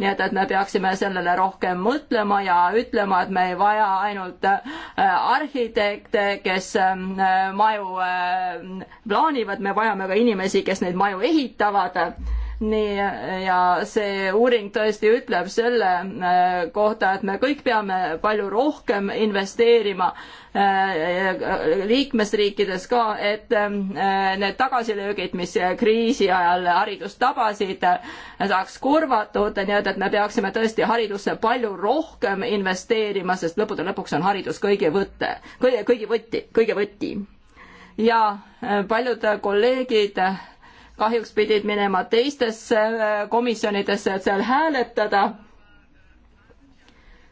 nii et, et me peaksime sellele rohkem mõtlema ja ütlema, et me ei vaja ainult arhitekte, kes maju plaanivad, me vajame ka inimesi, kes neid maju ehitavad nii, ja see uuring tõesti ütleb selle äh, kohta, et me kõik peame palju rohkem investeerima äh, liikmesriikides ka, et äh, need tagasilöögid, mis kriisi ajal haridust tabasid, saaks kurvatud, nii et, et me peaksime tõesti haridusse palju rohkem investeerima, sest lõppude lõpuks on haridus kõigi võte, kõige, kõigi võti, kõige võti. ja paljud kolleegid kahjuks pidid minema teistesse äh, komisjonidesse, et seal hääletada.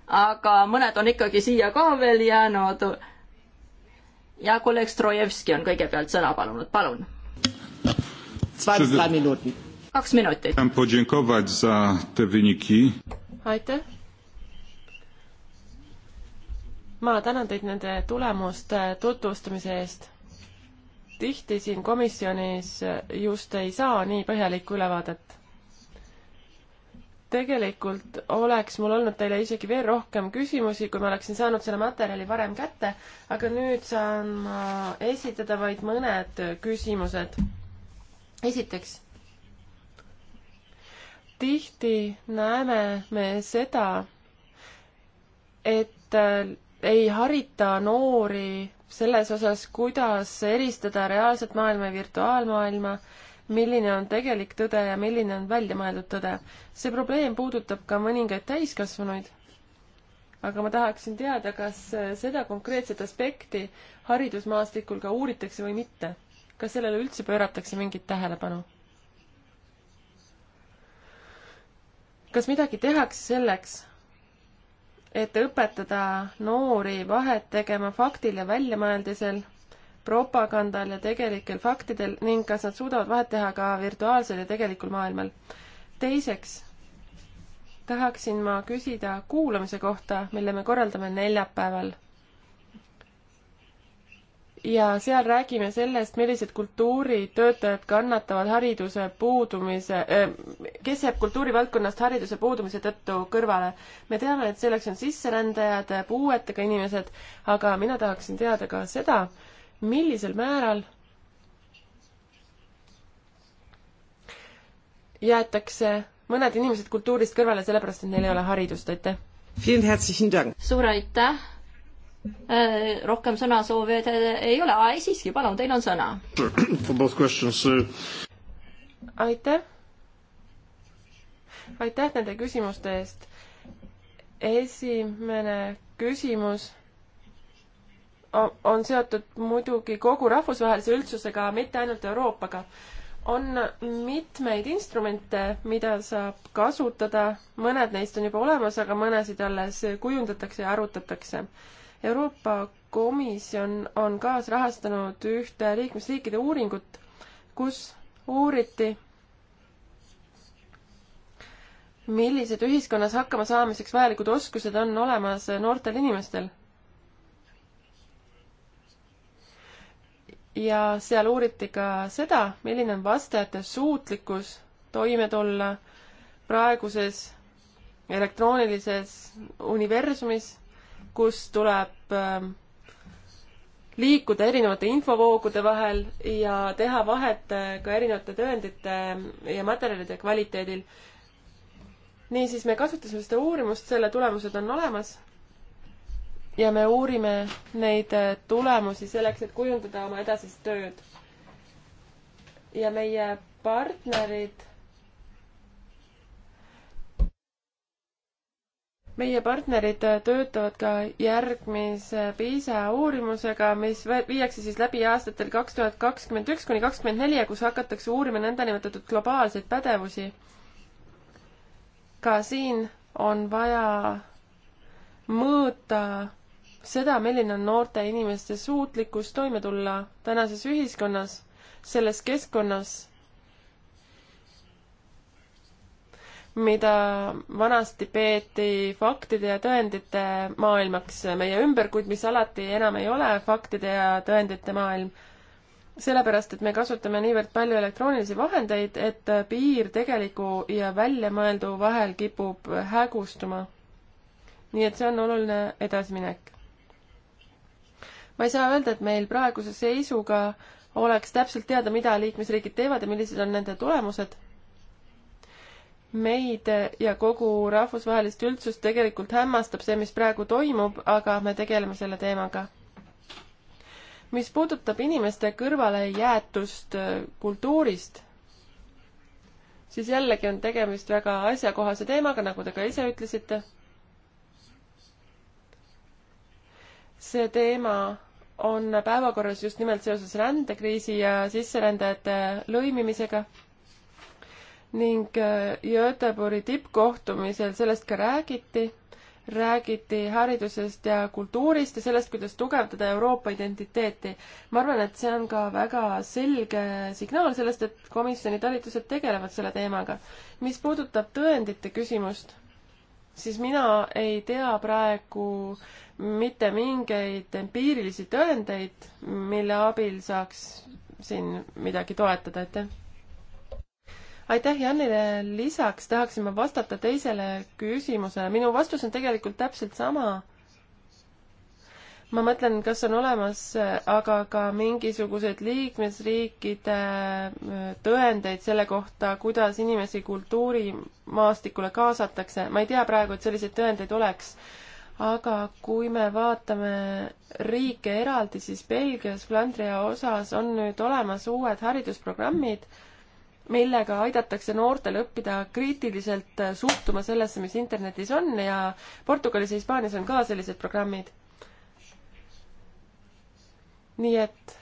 aga mõned on ikkagi siia ka veel jäänud. ja kolleeg Strojevski on kõigepealt sõna palunud, palun. kaks minutit. aitäh ma tänan teid nende tulemuste tutvustamise eest tihti siin komisjonis just ei saa nii põhjalikku ülevaadet. tegelikult oleks mul olnud teile isegi veel rohkem küsimusi, kui ma oleksin saanud selle materjali varem kätte, aga nüüd saan ma esitada vaid mõned küsimused. esiteks, tihti näeme me seda, et ei harita noori selles osas, kuidas eristada reaalset maailma ja virtuaalmaailma, milline on tegelik tõde ja milline on väljamõeldud tõde. see probleem puudutab ka mõningaid täiskasvanuid. aga ma tahaksin teada, kas seda konkreetset aspekti haridusmaastikul ka uuritakse või mitte. kas sellele üldse pööratakse mingit tähelepanu? kas midagi tehakse selleks, et õpetada noori vahet tegema faktil ja väljamõeldisel, propagandal ja tegelikel faktidel ning kas nad suudavad vahet teha ka virtuaalsel ja tegelikul maailmal. teiseks tahaksin ma küsida kuulamise kohta, mille me korraldame neljapäeval ja seal räägime sellest, millised kultuuritöötajad kannatavad hariduse puudumise, äh, kes jääb kultuurivaldkonnast hariduse puudumise tõttu kõrvale. me teame, et selleks on sisserändajad, puuetega inimesed, aga mina tahaksin teada ka seda, millisel määral jäetakse mõned inimesed kultuurist kõrvale sellepärast, et neil ei ole haridust, aitäh! suur aitäh! Äh, rohkem sõnasoovijaid ei ole, siiski palun, teil on sõna. aitäh. aitäh nende küsimuste eest. esimene küsimus on seotud muidugi kogu rahvusvahelise üldsusega, mitte ainult Euroopaga. on mitmeid instrumente, mida saab kasutada, mõned neist on juba olemas, aga mõnesid alles kujundatakse ja arutatakse Euroopa Komisjon on kaasrahastanud ühte liikmesriikide uuringut, kus uuriti, millised ühiskonnas hakkama saamiseks vajalikud oskused on olemas noortel inimestel ja seal uuriti ka seda, milline on vastajate suutlikkus toime tulla praeguses elektroonilises universumis kus tuleb ähm, liikuda erinevate infovoogude vahel ja teha vahet äh, ka erinevate tõendite ja materjalide kvaliteedil. niisiis, me kasutasime seda uurimust, selle tulemused on olemas ja me uurime neid äh, tulemusi selleks, et kujundada oma edasist tööd. ja meie partnerid meie partnerid töötavad ka järgmise PISA uurimusega, mis viiakse siis läbi aastatel kaks tuhat kakskümmend üks kuni kakskümmend neli ja kus hakatakse uurima nõndanimetatud globaalseid pädevusi. ka siin on vaja mõõta seda, milline on noorte inimeste suutlikkus toime tulla tänases ühiskonnas, selles keskkonnas mida vanasti peeti faktide ja tõendite maailmaks meie ümber, kuid mis alati enam ei ole faktide ja tõendite maailm. sellepärast, et me kasutame niivõrd palju elektroonilisi vahendeid, et piir tegeliku ja väljamõeldu vahel kipub hägustuma. nii et see on oluline edasiminek. ma ei saa öelda, et meil praeguse seisuga oleks täpselt teada, mida liikmesriigid teevad ja millised on nende tulemused meid ja kogu rahvusvahelist üldsust tegelikult hämmastab see, mis praegu toimub, aga me tegeleme selle teemaga. mis puudutab inimeste kõrvalejäetust äh, kultuurist, siis jällegi on tegemist väga asjakohase teemaga, nagu te ka ise ütlesite. see teema on päevakorras just nimelt seoses rändekriisi ja sisserändajate lõimimisega ning äh, Göteborgi tippkohtumisel sellest ka räägiti, räägiti haridusest ja kultuurist ja sellest, kuidas tugevdada Euroopa identiteeti. ma arvan, et see on ka väga selge signaal sellest, et komisjoni talitused tegelevad selle teemaga. mis puudutab tõendite küsimust, siis mina ei tea praegu mitte mingeid empiirilisi tõendeid, mille abil saaks siin midagi toetada, aitäh aitäh Jannile, lisaks tahaksin ma vastata teisele küsimusele, minu vastus on tegelikult täpselt sama. ma mõtlen, kas on olemas aga ka mingisuguseid liikmesriikide äh, tõendeid selle kohta, kuidas inimesi kultuurimaastikule kaasatakse, ma ei tea praegu, et selliseid tõendeid oleks aga kui me vaatame riike eraldi, siis Belgias Flandria osas on nüüd olemas uued haridusprogrammid, millega aidatakse noortel õppida kriitiliselt äh, suhtuma sellesse, mis internetis on ja Portugalis ja Hispaanias on ka sellised programmid. nii et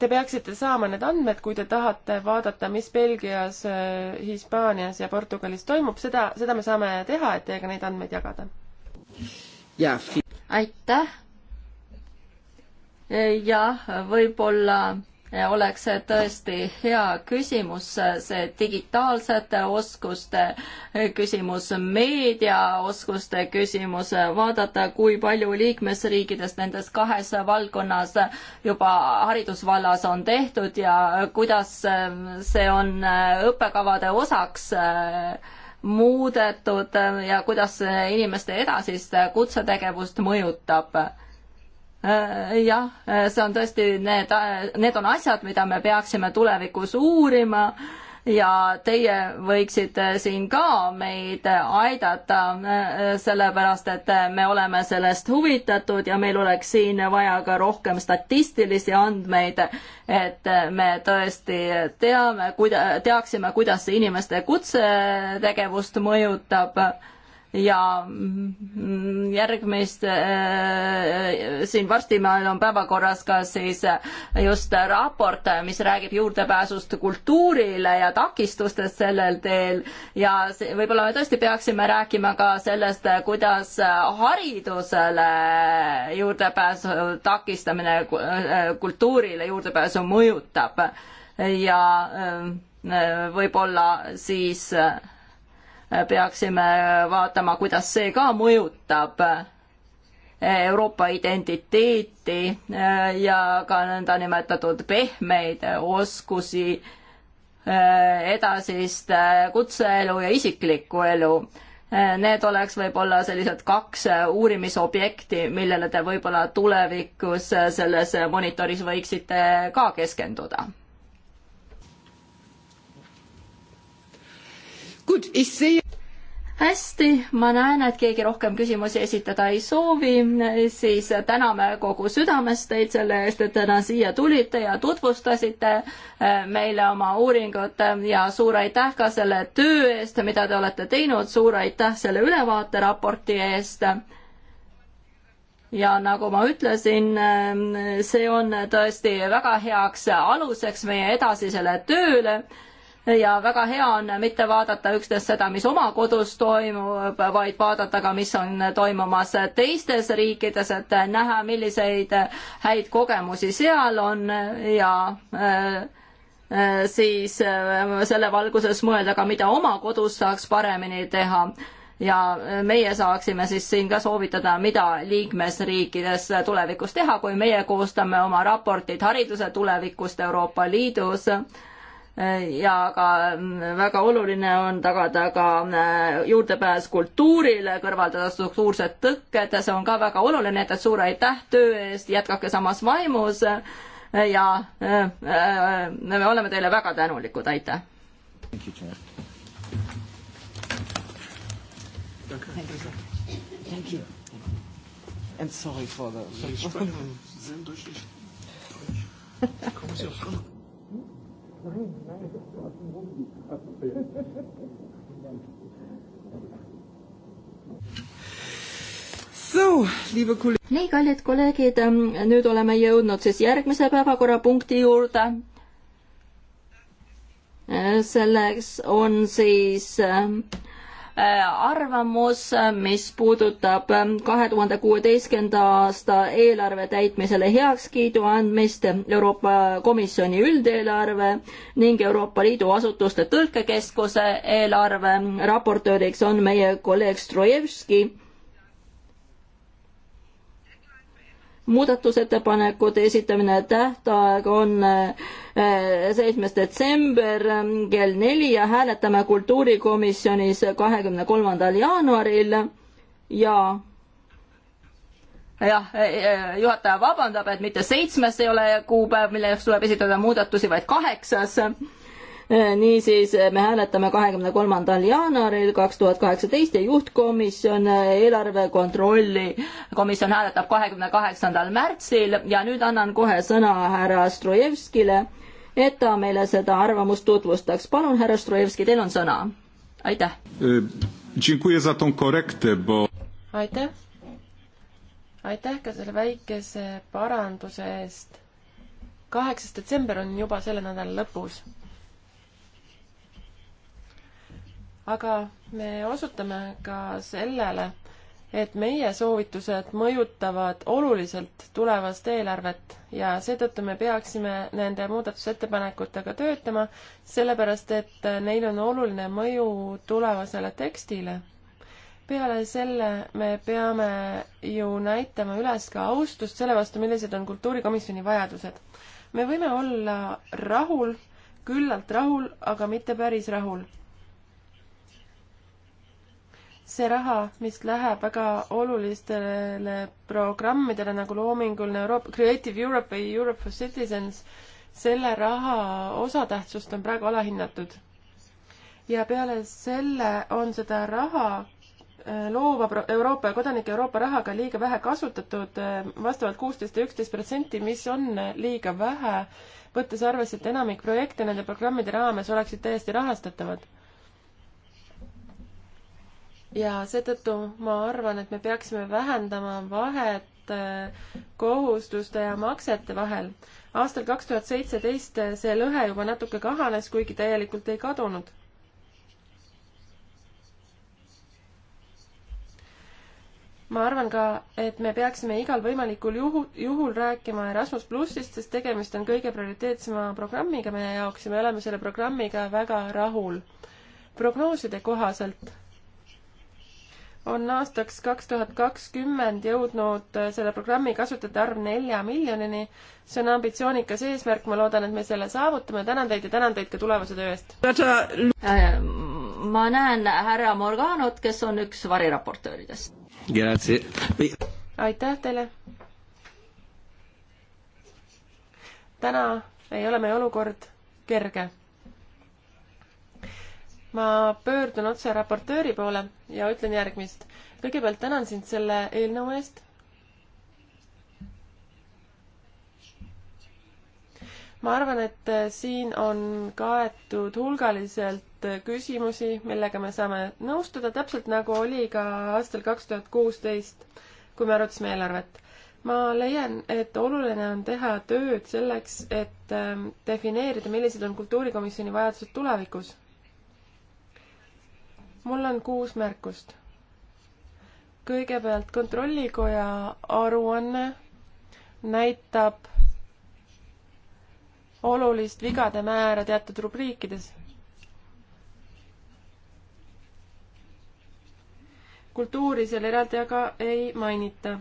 te peaksite saama need andmed, kui te tahate vaadata, mis Belgias, äh, Hispaanias ja Portugalis toimub, seda, seda me saame teha, et teiega neid andmeid jagada. aitäh. jah, võib-olla oleks tõesti hea küsimus, see digitaalsete oskuste küsimus, meediaoskuste küsimus, vaadata, kui palju liikmesriikidest nendes kahes valdkonnas juba haridusvallas on tehtud ja kuidas see on õppekavade osaks muudetud ja kuidas inimeste edasist kutsetegevust mõjutab Äh, jah, äh, see on tõesti need, äh, need on asjad, mida me peaksime tulevikus uurima ja teie võiksite siin ka meid aidata, sellepärast et me oleme sellest huvitatud ja meil oleks siin vaja ka rohkem statistilisi andmeid, et me tõesti teame, kuida-, teaksime, kuidas see inimeste kutsetegevust mõjutab ja mm, järgmist äh,, äh siin varsti meil on päevakorras ka siis äh, just raport, mis räägib juurdepääsust kultuurile ja takistustest sellel teel ja võib-olla me tõesti peaksime rääkima ka sellest, äh, kuidas haridusele juurdepääsu takistamine kultuurile juurdepääsu mõjutab ja võib-olla siis äh, peaksime vaatama, kuidas see ka mõjutab Euroopa identiteeti äh, ja ka nõndanimetatud pehmeid oskusi, äh, edasist äh, kutseelu ja isiklikku elu. Need oleks võib-olla sellised kaks uurimisobjekti, millele te võib-olla tulevikus selles monitoris võiksite ka keskenduda hästi, ma näen, et keegi rohkem küsimusi esitada ei soovi, siis täname kogu südamest teid selle eest, et täna siia tulite ja tutvustasite eh, meile oma uuringut ja suur aitäh ka selle töö eest, mida te olete teinud, suur aitäh selle ülevaateraporti eest ja nagu ma ütlesin, eh, see on tõesti väga heaks aluseks meie edasisele tööle ja väga hea on mitte vaadata üksnes seda, mis oma kodus toimub, vaid vaadata ka, mis on toimumas teistes riikides, et näha, milliseid häid kogemusi seal on ja äh, äh, siis äh, selle valguses mõelda ka, mida oma kodus saaks paremini teha ja meie saaksime siis siin ka soovitada, mida liikmesriikides tulevikus teha, kui meie koostame oma raportid hariduse tulevikust Euroopa Liidus ja ka mm, väga oluline on tagada ka mm, juurdepääs kultuurile, kõrvaldada struktuursed tõkked, see on ka väga oluline, et suur aitäh töö eest, jätkake samas vaimus ja mm, me oleme teile väga tänulikud, aitäh! Thank you. And sorry for the. Kommen Sie aus Flandern. Nein, nein, das war ein Hund. So, liebe Kollegen. nii, kallid kolleegid, ähm, nüüd oleme jõudnud siis järgmise päevakorrapunkti juurde. Äh, selleks on siis äh, Äh, arvamus, mis puudutab ähm, kahe tuhande kuueteistkümnenda aasta eelarve täitmisele heakskiidu andmist, Euroopa Komisjoni üldeelarve ning Euroopa Liidu asutuste tõlkekeskuse eelarve. raportööriks on meie kolleeg Strojevski muudatusettepanekute esitamine tähtaeg on eh, seitsmes detsember mm, kell neli ja hääletame kultuurikomisjonis kahekümne kolmandal jaanuaril ja jah, eh, juhataja vabandab, et mitte seitsmes ei ole kuupäev, mille jaoks tuleb esitada muudatusi, vaid kaheksas Äh, niisiis äh, me hääletame kahekümne kolmandal jaanuaril kaks tuhat kaheksateist ja juhtkomisjon, äh, eelarve kontrolli komisjon hääletab kahekümne kaheksandal märtsil ja nüüd annan kohe sõna härra Strojevskile, et ta meile seda arvamust tutvustaks. palun, härra Strojevski, teil on sõna. aitäh. aitäh. aitäh ka selle väikese paranduse eest. kaheksas detsember on juba selle nädala lõpus aga me osutame ka sellele, et meie soovitused mõjutavad oluliselt tulevast eelarvet ja seetõttu me peaksime nende muudatusettepanekutega töötama, sellepärast et neil on oluline mõju tulevasele tekstile. peale selle me peame ju näitama üles ka austust selle vastu, millised on kultuurikomisjoni vajadused. me võime olla rahul, küllalt rahul, aga mitte päris rahul see raha, mis läheb väga olulistele programmidele nagu loominguline Euroopa, Creative Europe või Europe for Citizens, selle raha osatähtsust on praegu alahinnatud. ja peale selle on seda raha äh, loova Euroopa ja kodanike Euroopa rahaga liiga vähe kasutatud, äh, vastavalt kuusteist ja üksteist protsenti, mis on äh, liiga vähe, võttes arvesse, et enamik projekte nende programmide raames oleksid täiesti rahastatavad ja seetõttu ma arvan, et me peaksime vähendama vahet äh, kohustuste ja maksete vahel. aastal kaks tuhat seitseteist see lõhe juba natuke kahanes, kuigi täielikult ei kadunud. ma arvan ka, et me peaksime igal võimalikul juhu, juhul rääkima Erasmus plussist, sest tegemist on kõige prioriteetsema programmiga meie jaoks ja me oleme selle programmiga väga rahul. prognooside kohaselt on aastaks kaks tuhat kakskümmend jõudnud äh, selle programmi kasutajate arv nelja miljonini. see on ambitsioonikas eesmärk, ma loodan, et me selle saavutame. tänan teid ja tänan teid ka tulevase töö eest. Äh, ma näen härra Morganot, kes on üks variraportööridest. aitäh teile. täna ei ole meie olukord kerge ma pöördun otse raportööri poole ja ütlen järgmist. kõigepealt tänan sind selle eelnõu eest. ma arvan, et äh, siin on kaetud hulgaliselt äh, küsimusi, millega me saame nõustuda, täpselt nagu oli ka aastal kaks tuhat kuusteist, kui me arutasime eelarvet. ma leian, et oluline on teha tööd selleks, et äh, defineerida, millised on kultuurikomisjoni vajadused tulevikus mul on kuus märkust. kõigepealt Kontrollikoja aruanne näitab olulist vigade määra teatud rubriikides. kultuuri seal eraldi aga ei mainita.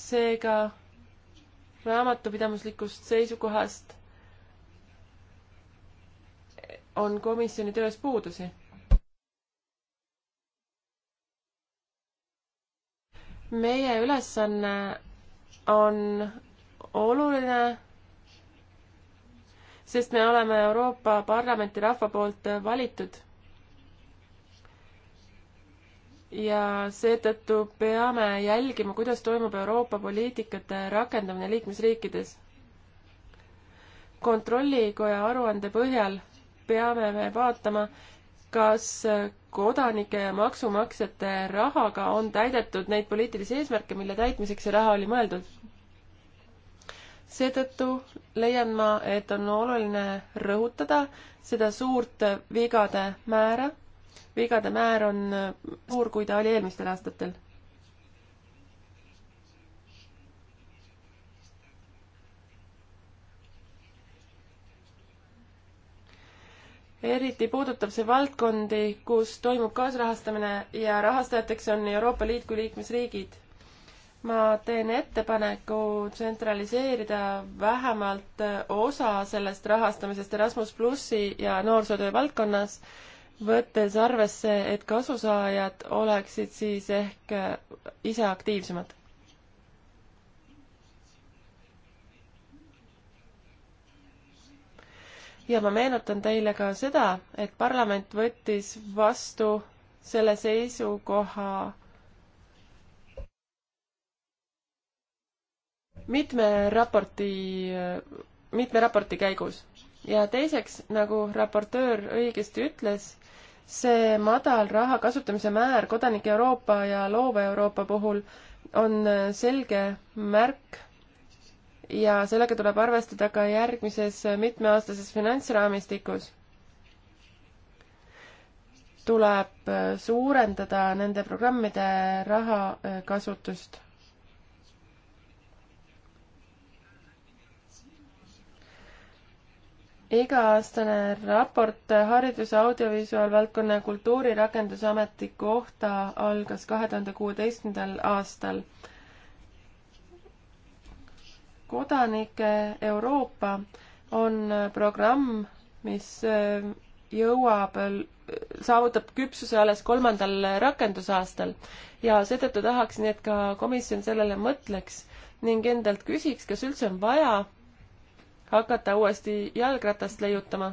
seega raamatupidamislikust seisukohast on komisjoni töös puudusi. meie ülesanne on oluline, sest me oleme Euroopa Parlamenti rahva poolt valitud. ja seetõttu peame jälgima, kuidas toimub Euroopa poliitikate rakendamine liikmesriikides kontrollikoja aruande põhjal peame me vaatama, kas kodanike ja maksumaksjate rahaga on täidetud neid poliitilisi eesmärke, mille täitmiseks see raha oli mõeldud. seetõttu leian ma, et on oluline rõhutada seda suurt vigade määra. vigade määr on suur, kui ta oli eelmistel aastatel eriti puudutab see valdkondi, kus toimub kaasrahastamine ja rahastajateks on Euroopa Liit kui liikmesriigid. ma teen ettepaneku tsentraliseerida vähemalt osa sellest rahastamisest Erasmus plussi ja noorsootöö valdkonnas, võttes arvesse, et kasusaajad oleksid siis ehk ise aktiivsemad. ja ma meenutan teile ka seda, et parlament võttis vastu selle seisukoha mitme raporti, mitme raporti käigus. ja teiseks, nagu raportöör õigesti ütles, see madal raha kasutamise määr Kodanik Euroopa ja Loova Euroopa puhul on selge märk ja sellega tuleb arvestada ka järgmises mitmeaastases finantsraamistikus. tuleb äh, suurendada nende programmide raha äh, kasutust. iga-aastane raport äh, Hariduse audiovisuaalvaldkonna ja kultuuri rakendusameti kohta algas kahe tuhande kuueteistkümnendal aastal kodanike Euroopa on programm, mis äh, jõuab, äh, saavutab küpsuse alles kolmandal rakendusaastal ja seetõttu tahaksin, et ka komisjon sellele mõtleks ning endalt küsiks, kas üldse on vaja hakata uuesti jalgratast leiutama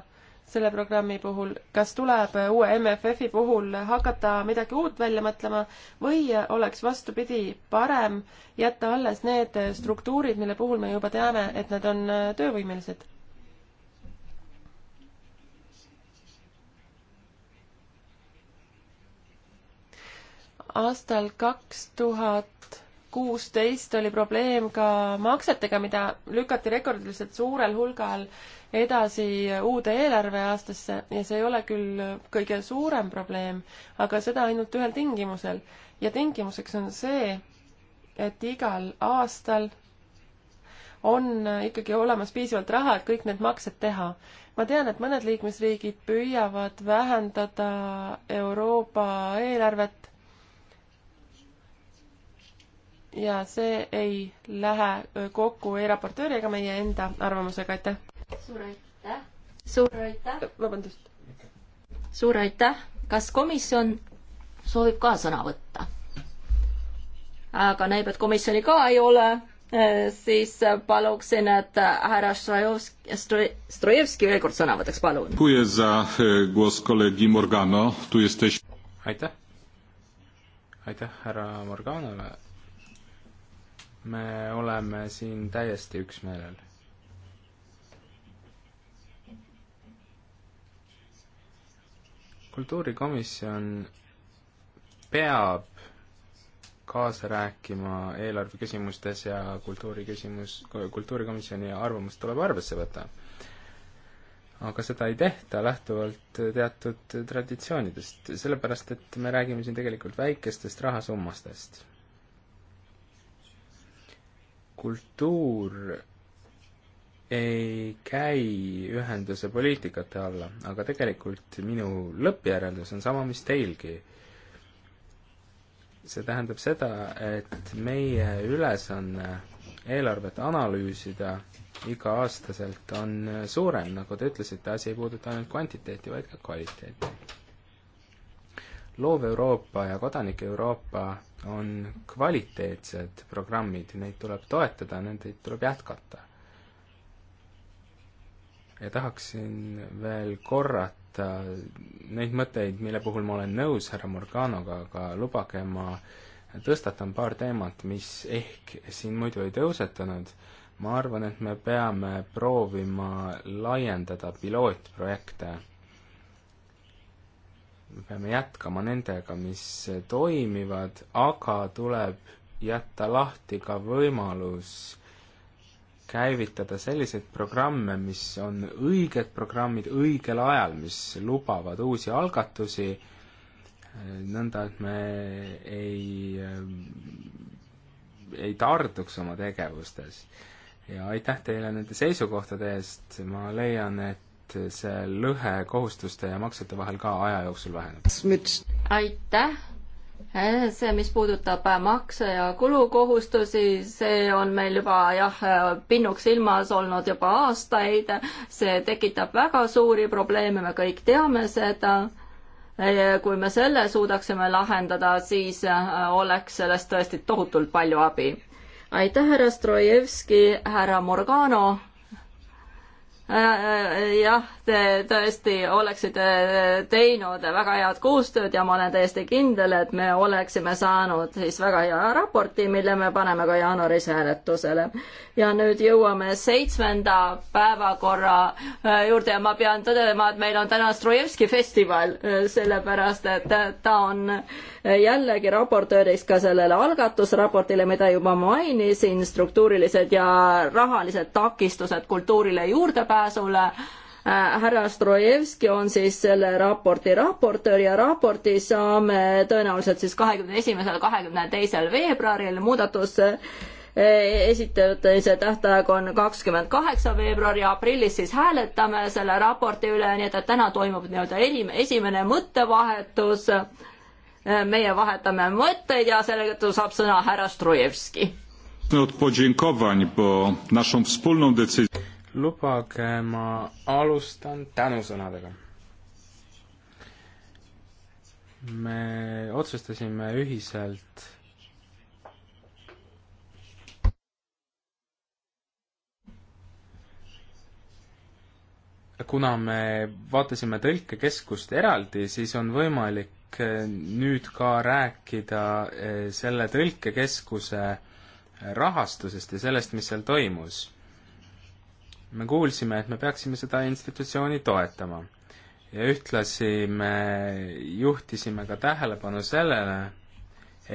selle programmi puhul, kas tuleb uue MFF-i puhul hakata midagi uut välja mõtlema või oleks vastupidi parem jätta alles need struktuurid, mille puhul me juba teame, et nad on töövõimelised? aastal kaks tuhat kuusteist oli probleem ka maksetega, mida lükati rekordiliselt suurel hulgal edasi uude eelarveaastasse ja see ei ole küll kõige suurem probleem, aga seda ainult ühel tingimusel. ja tingimuseks on see, et igal aastal on ikkagi olemas piisavalt raha, et kõik need maksed teha. ma tean, et mõned liikmesriigid püüavad vähendada Euroopa eelarvet ja see ei lähe kokku ei raportööri ega meie enda arvamusega, aitäh! suur aitäh! suur aitäh! vabandust! suur aitäh! kas komisjon soovib ka sõna võtta? aga näib, et komisjoni ka ei ole, e, siis paluksin, et härra Strojevski, Strojevski veel kord sõna võtaks, palun. E, aitäh, aitäh härra Morganole me oleme siin täiesti üksmeelel. kultuurikomisjon peab kaasa rääkima eelarve küsimustes ja kultuuriküsimus, kultuurikomisjoni arvamust tuleb arvesse võtta. aga seda ei tehta lähtuvalt teatud traditsioonidest, sellepärast et me räägime siin tegelikult väikestest rahasummastest kultuur ei käi ühenduse poliitikate alla, aga tegelikult minu lõppjäreldus on sama, mis teilgi. see tähendab seda, et meie ülesanne eelarvet analüüsida iga-aastaselt on suurem, nagu te ütlesite, asi ei puuduta ainult kvantiteeti, vaid ka kvaliteeti loov Euroopa ja kodanik Euroopa on kvaliteetsed programmid, neid tuleb toetada, nendeid tuleb jätkata. ja tahaksin veel korrata neid mõtteid, mille puhul ma olen nõus härra Morganoga, aga lubage, ma tõstatan paar teemat, mis ehk siin muidu ei tõusetunud. ma arvan, et me peame proovima laiendada pilootprojekte me peame jätkama nendega, mis toimivad, aga tuleb jätta lahti ka võimalus käivitada selliseid programme, mis on õiged programmid õigel ajal, mis lubavad uusi algatusi, nõnda et me ei, ei tarduks oma tegevustes. ja aitäh teile nende seisukohtade eest, ma leian, et et see lõhe kohustuste ja maksete vahel ka aja jooksul väheneb. aitäh! see, mis puudutab makse ja kulukohustusi, see on meil juba jah, pinnuks silmas olnud juba aastaid. see tekitab väga suuri probleeme, me kõik teame seda kui me selle suudaksime lahendada, siis oleks sellest tõesti tohutult palju abi. aitäh, härra Strojevski, härra Morgano Äh, äh, äh, jah, te eh, tõesti oleksite eh, teinud väga head koostööd ja ma olen täiesti kindel, et me oleksime saanud siis väga hea raporti, mille me paneme ka jaanuaris hääletusele. ja nüüd jõuame seitsmenda päevakorra eh, juurde ja ma pean tõdema, et meil on täna Strojevski festival, sellepärast et ta on jällegi raportööriks ka sellele algatusraportile, mida juba mainisin, struktuurilised ja rahalised takistused kultuurile juurdepääsule Äh, härra Strojevski on siis selle raporti raportöör ja raporti saame tõenäoliselt siis kahekümne esimesel, kahekümne teisel veebruaril muudatus äh, esitamise tähtaeg on kakskümmend kaheksa veebruar ja aprillis siis hääletame selle raporti üle, nii et, et täna toimub nii-öelda esimene mõttevahetus. Äh, meie vahetame mõtteid ja selle tõttu saab sõna härra Strojevski lubage, ma alustan tänusõnadega. me otsustasime ühiselt kuna me vaatasime tõlkekeskust eraldi, siis on võimalik eh, nüüd ka rääkida eh, selle tõlkekeskuse rahastusest ja sellest, mis seal toimus me kuulsime, et me peaksime seda institutsiooni toetama ja ühtlasi me juhtisime ka tähelepanu sellele,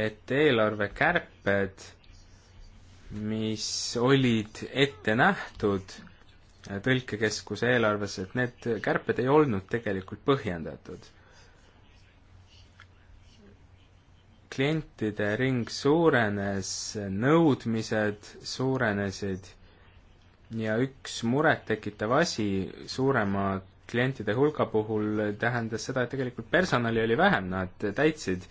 et eelarvekärped, mis olid ette nähtud tõlkekeskuse eelarves, et need kärped ei olnud tegelikult põhjendatud. klientide ring suurenes, nõudmised suurenesid ja üks murettekitav asi suurema klientide hulga puhul tähendas seda, et tegelikult personali oli vähem, nad täitsid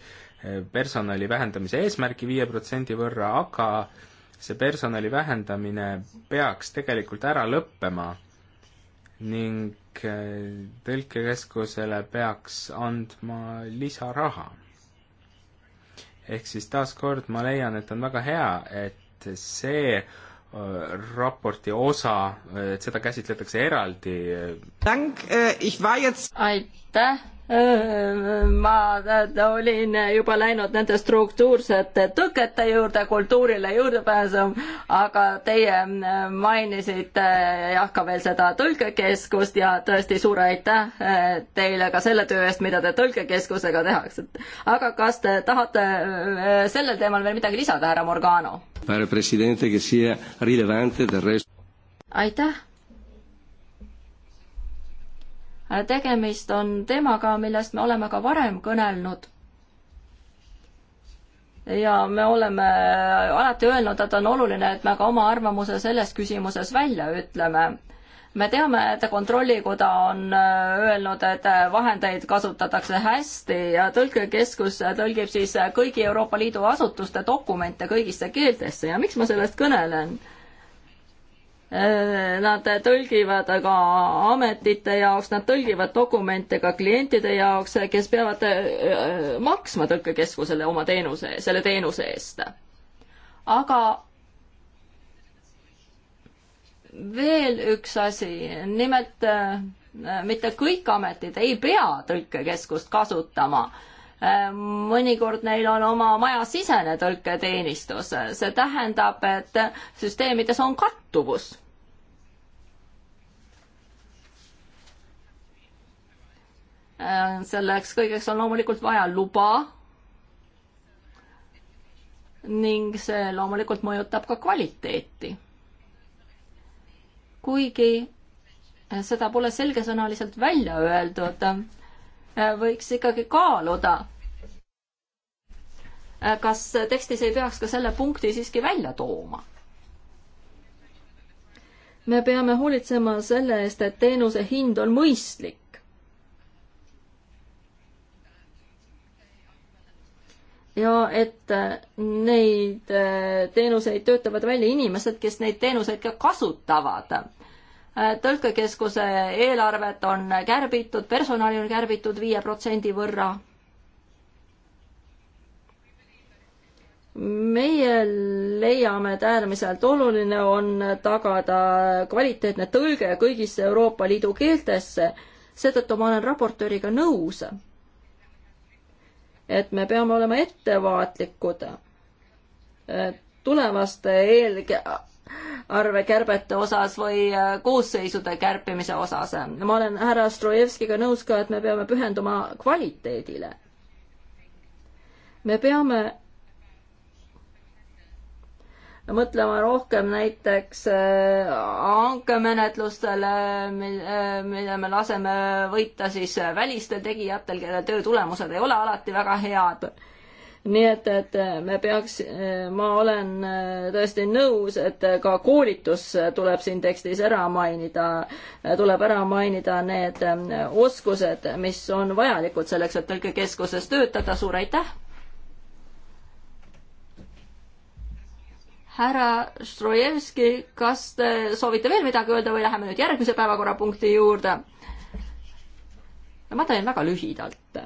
eh, personali vähendamise eesmärki viie protsendi võrra, aga see personali vähendamine peaks tegelikult ära lõppema ning eh, tõlkekeskusele peaks andma lisaraha. ehk siis taaskord ma leian, et on väga hea, et see raporti osa, et seda käsitletakse eraldi. Äh, aitäh ma olin juba läinud nende struktuursete tõkete juurde, kultuurile juurdepääsu, aga teie mainisite äh, jah, ka veel seda tõlkekeskust ja tõesti suur aitäh äh, teile ka selle töö eest, mida te tõlkekeskusega tehakse. aga kas te tahate äh, sellel teemal veel midagi lisada, härra Morgano? aitäh tegemist on teemaga, millest me oleme ka varem kõnelnud. ja me oleme alati öelnud, et on oluline, et me ka oma arvamuse selles küsimuses välja ütleme me teame, et Kontrollikoda on äh, öelnud, et vahendeid kasutatakse hästi ja tõlkekeskus tõlgib siis kõigi Euroopa Liidu asutuste dokumente kõigisse keeltesse ja miks ma sellest kõnelen? Äh, nad tõlgivad aga ametite jaoks, nad tõlgivad dokumente ka klientide jaoks, kes peavad äh, äh, maksma tõlkekeskusele oma teenuse, selle teenuse eest. aga veel üks asi, nimelt mitte kõik ametid ei pea tõlkekeskust kasutama Äh, mõnikord neil on oma majasisene tõlketeenistus, see tähendab, et süsteemides on kattuvus. Äh, selleks kõigeks on loomulikult vaja luba ning see loomulikult mõjutab ka kvaliteeti. kuigi seda pole selgesõnaliselt välja öeldud Äh, võiks ikkagi kaaluda, äh, kas tekstis ei peaks ka selle punkti siiski välja tooma me peame hoolitsema selle eest, et teenuse hind on mõistlik. ja et äh, neid teenuseid töötavad välja inimesed, kes neid teenuseid ka kasutavad. Äh, tõlkekeskuse eelarvet on kärbitud, personali on kärbitud viie protsendi võrra. meie leiame, et äärmiselt oluline on tagada kvaliteetne tõlge kõigisse Euroopa Liidu keeltesse, seetõttu ma olen raportööriga nõus, et me peame olema ettevaatlikud tulevaste eel-, arvekärbete osas või äh, koosseisude kärpimise osas. ma olen härra Strojevskiga nõus ka, et me peame pühenduma kvaliteedile. me peame mõtlema rohkem näiteks äh, hankemenetlustele, mille äh, me laseme võita siis välistel tegijatel, kelle töö tulemused ei ole alati väga head nii et, et me peaks, eh, ma olen eh, tõesti nõus, et ka koolitus tuleb siin tekstis ära mainida, tuleb ära mainida need eh, oskused, mis on vajalikud selleks, et tõlkekeskuses töötada, suur aitäh! härra Strojevski, kas te soovite veel midagi öelda või läheme nüüd järgmise päevakorrapunkti juurde? ma teen väga lühidalt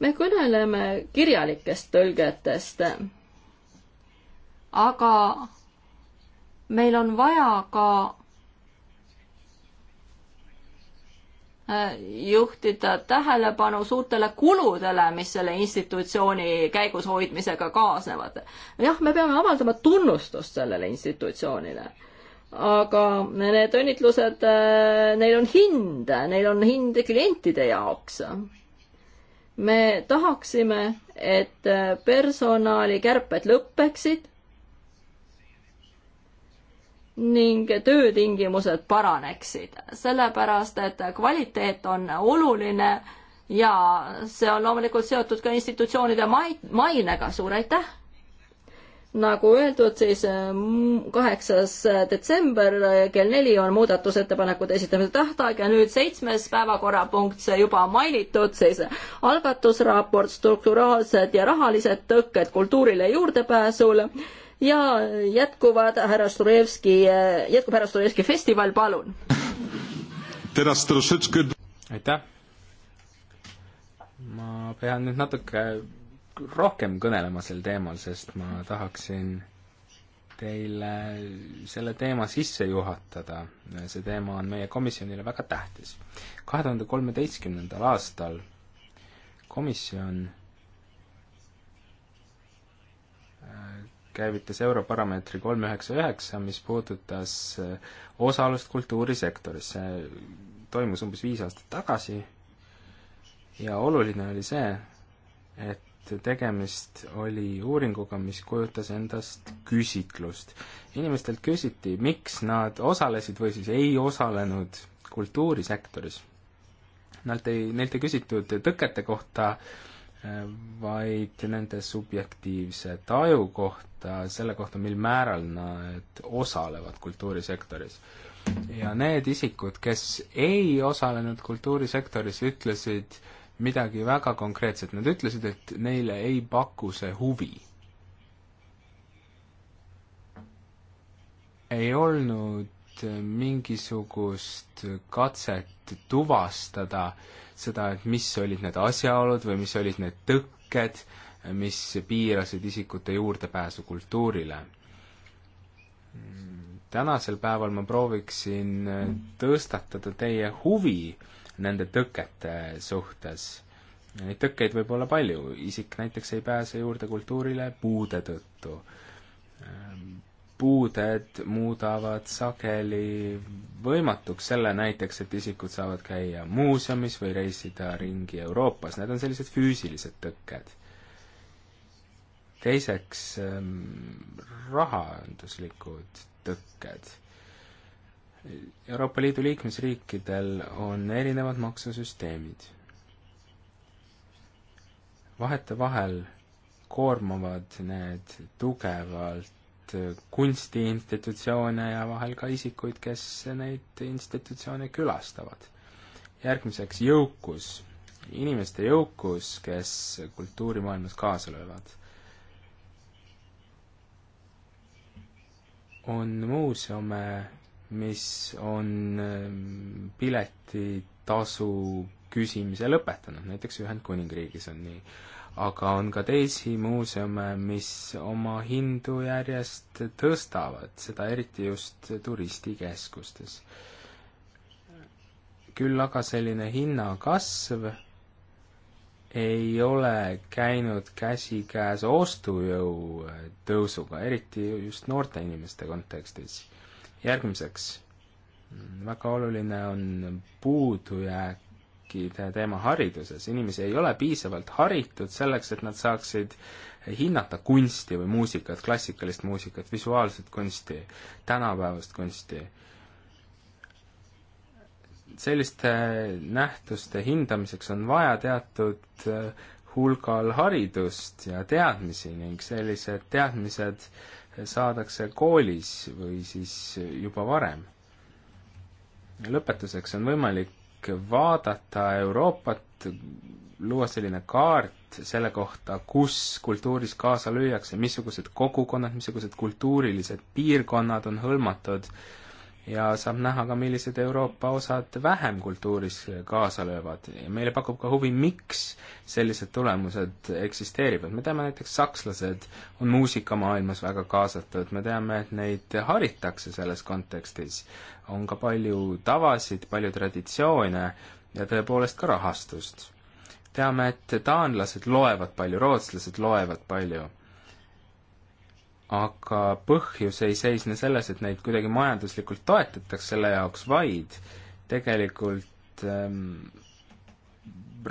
me kõneleme kirjalikest tõlgetest, aga meil on vaja ka äh, juhtida tähelepanu suurtele kuludele, mis selle institutsiooni käigus hoidmisega kaasnevad. jah, me peame avaldama tunnustust sellele institutsioonile, aga need õnnitlused, äh, neil on hind, neil on hind klientide jaoks me tahaksime, et äh, personalikärped lõpeksid ning töötingimused paraneksid, sellepärast et kvaliteet on oluline ja see on loomulikult seotud ka institutsioonide mainega, suur aitäh! nagu öeldud, siis äh, kaheksas äh, detsember äh, kell neli on muudatusettepanekute esitamise tähtaeg ja nüüd seitsmes päevakorrapunkt, see juba mainitud, siis algatusraport strukturaalsed ja rahalised tõkked kultuurile juurdepääsul ja jätkuvad härra Sturjevski, jätkub härra Sturjevski festival, palun. aitäh. ma pean nüüd natuke rohkem kõnelema sel teemal, sest ma tahaksin teile selle teema sisse juhatada. see teema on meie komisjonile väga tähtis. kahe tuhande kolmeteistkümnendal aastal komisjon äh, käivitas Europarameetri kolm üheksa üheksa, mis puudutas äh, osalust kultuurisektoris. see toimus umbes viis aastat tagasi ja oluline oli see, et et tegemist oli uuringuga, mis kujutas endast küsitlust. inimestelt küsiti, miks nad osalesid või siis ei osalenud kultuurisektoris. Nad ei, neilt ei küsitud tõkete kohta, eh, vaid nende subjektiivse taju kohta, selle kohta, mil määral nad osalevad kultuurisektoris. ja need isikud, kes ei osalenud kultuurisektoris, ütlesid äh, midagi väga konkreetset, nad ütlesid, et neile ei paku see huvi. ei olnud mingisugust katset tuvastada seda, et mis olid need asjaolud või mis olid need tõkked, mis piirasid isikute juurdepääsu kultuurile. tänasel päeval ma prooviksin tõstatada teie huvi äh, nende tõkete suhtes. Neid tõkkeid võib olla palju, isik näiteks ei pääse juurde kultuurile puude tõttu. Ähm, puuded muudavad sageli võimatuks selle näiteks, et isikud saavad käia muuseumis või reisida ringi Euroopas, need on sellised füüsilised tõkked teiseks ähm, rahanduslikud tõkked. Euroopa Liidu liikmesriikidel on erinevad maksusüsteemid. vahetevahel koormavad need tugevalt kunstiinstitutsioone ja vahel ka isikuid, kes neid institutsioone külastavad. järgmiseks jõukus, inimeste jõukus, kes kultuurimaailmas kaasa löövad. on muuseume mis on ähm, piletitasu küsimise lõpetanud, näiteks Ühendkuningriigis on nii. aga on ka teisi muuseume, mis oma hindu järjest tõstavad, seda eriti just turistikeskustes. küll aga selline hinnakasv ei ole käinud käsikäes ostujõu tõusuga, eriti just noorte inimeste kontekstis järgmiseks, väga oluline on puudujääkide teema hariduses, inimesi ei ole piisavalt haritud selleks, et nad saaksid hinnata kunsti või muusikat, klassikalist muusikat, visuaalset kunsti, tänapäevast kunsti selliste nähtuste hindamiseks on vaja teatud äh, hulgal haridust ja teadmisi ning sellised teadmised saadakse koolis või siis juba varem. lõpetuseks on võimalik vaadata Euroopat, luua selline kaart selle kohta, kus kultuuris kaasa lüüakse, missugused kogukonnad, missugused kultuurilised piirkonnad on hõlmatud äh, ja saab näha ka, millised Euroopa osad vähem kultuuris kaasa löövad ja meile pakub ka huvi, miks sellised tulemused eksisteerivad. me teame näiteks, sakslased on muusikamaailmas väga kaasatud, me teame, et neid haritakse selles kontekstis. on ka palju tavasid, palju traditsioone ja tõepoolest ka rahastust. teame, et taanlased loevad palju, rootslased loevad palju aga põhjus ei seisne selles, et neid kuidagi majanduslikult toetatakse selle jaoks, vaid tegelikult ähm,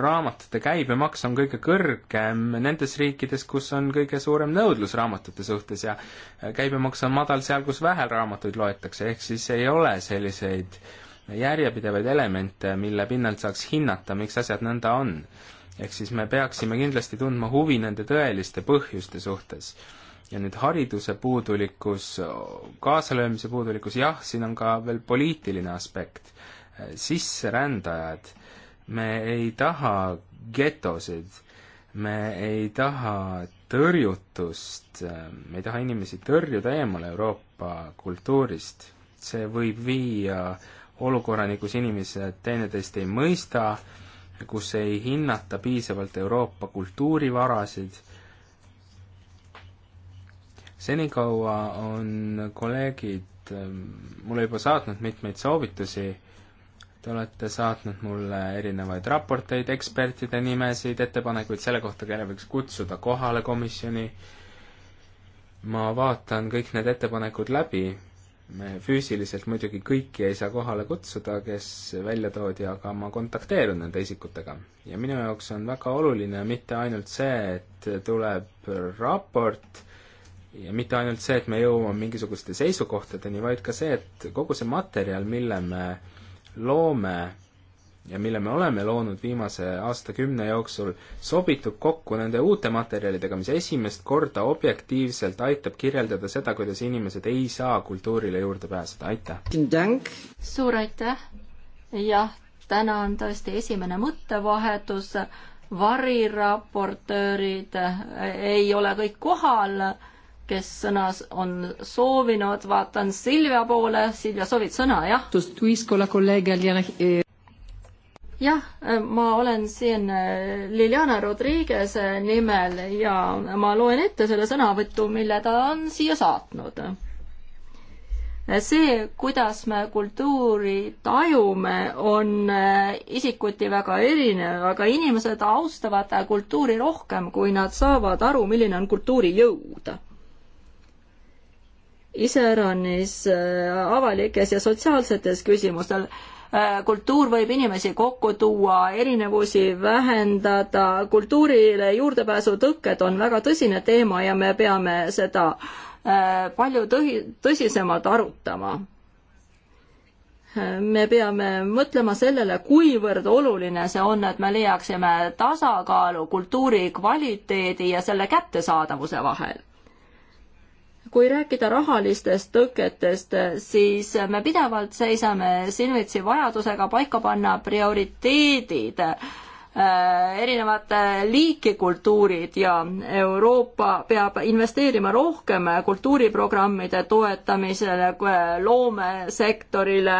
raamatute käibemaks on kõige kõrgem nendes riikides, kus on kõige suurem nõudlus raamatute suhtes ja äh, käibemaks on madal seal, kus vähe raamatuid loetakse, ehk siis ei ole selliseid järjepidevaid elemente, mille pinnalt saaks hinnata, miks asjad nõnda on. ehk siis me peaksime kindlasti tundma huvi nende tõeliste põhjuste suhtes ja nüüd hariduse puudulikkus, kaasalöömise puudulikkus, jah, siin on ka veel poliitiline aspekt. sisserändajad, me ei taha getosid, me ei taha tõrjutust, me ei taha inimesi tõrjuda eemale Euroopa kultuurist. see võib viia olukorrani, kus inimesed teineteist ei mõista, kus ei hinnata piisavalt Euroopa kultuurivarasid senikaua on kolleegid ähm, mulle juba saatnud mitmeid soovitusi, te olete saatnud mulle erinevaid raporteid, ekspertide nimesid, ettepanekuid selle kohta, kelle võiks kutsuda kohale komisjoni, ma vaatan kõik need ettepanekud läbi, me füüsiliselt muidugi kõiki ei saa kohale kutsuda, kes välja toodi, aga ma kontakteerun nende isikutega. ja minu jaoks on väga oluline mitte ainult see, et tuleb raport, ja mitte ainult see, et me jõuame mingisuguste seisukohtadeni, vaid ka see, et kogu see materjal, mille me loome ja mille me oleme loonud viimase aastakümne jooksul, sobitub kokku nende uute materjalidega, mis esimest korda objektiivselt aitab kirjeldada seda, kuidas inimesed ei saa kultuurile juurde pääseda, aitäh! suur aitäh! jah, täna on tõesti esimene mõttevahetus, variraportöörid eh, ei ole kõik kohal kes sõna on soovinud, vaatan Silvia poole, Silvia, soovid sõna, jah? Eh. jah, ma olen siin eh, Liliana Rodriguez nimel ja ma loen ette selle sõnavõtu, mille ta on siia saatnud. see, kuidas me kultuuri tajume, on eh, isikuti väga erinev, aga inimesed austavad kultuuri rohkem, kui nad saavad aru, milline on kultuuri jõud iseäranis äh, avalikes ja sotsiaalsetes küsimustel. Äh, kultuur võib inimesi kokku tuua, erinevusi vähendada, kultuurile juurdepääsu tõkked on väga tõsine teema ja me peame seda äh, palju tõhi-, tõsisemalt arutama. me peame mõtlema sellele, kuivõrd oluline see on, et me leiaksime tasakaalu kultuuri kvaliteedi ja selle kättesaadavuse vahel kui rääkida rahalistest tõketest, siis me pidevalt seisame silmitsi vajadusega paika panna prioriteedid, äh, erinevate liiki kultuurid ja Euroopa peab investeerima rohkem kultuuriprogrammide toetamisele, loomesektorile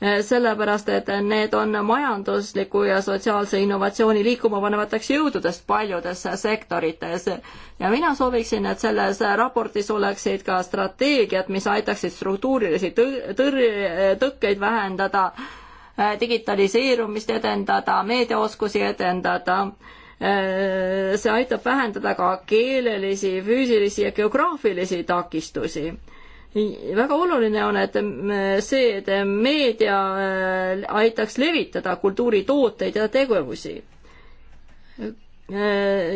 sellepärast et need on majandusliku ja sotsiaalse innovatsiooni liikuma panevateks jõududest paljudes sektorites. ja mina sooviksin, et selles raportis oleksid ka strateegiad, mis aitaksid struktuurilisi tõrje, tõkkeid vähendada, digitaliseerumist edendada, meediaoskusi edendada see aitab vähendada ka keelelisi, füüsilisi ja geograafilisi takistusi väga oluline on, et see, et meedia äh, aitaks levitada kultuuritooteid ja tegevusi. Äh,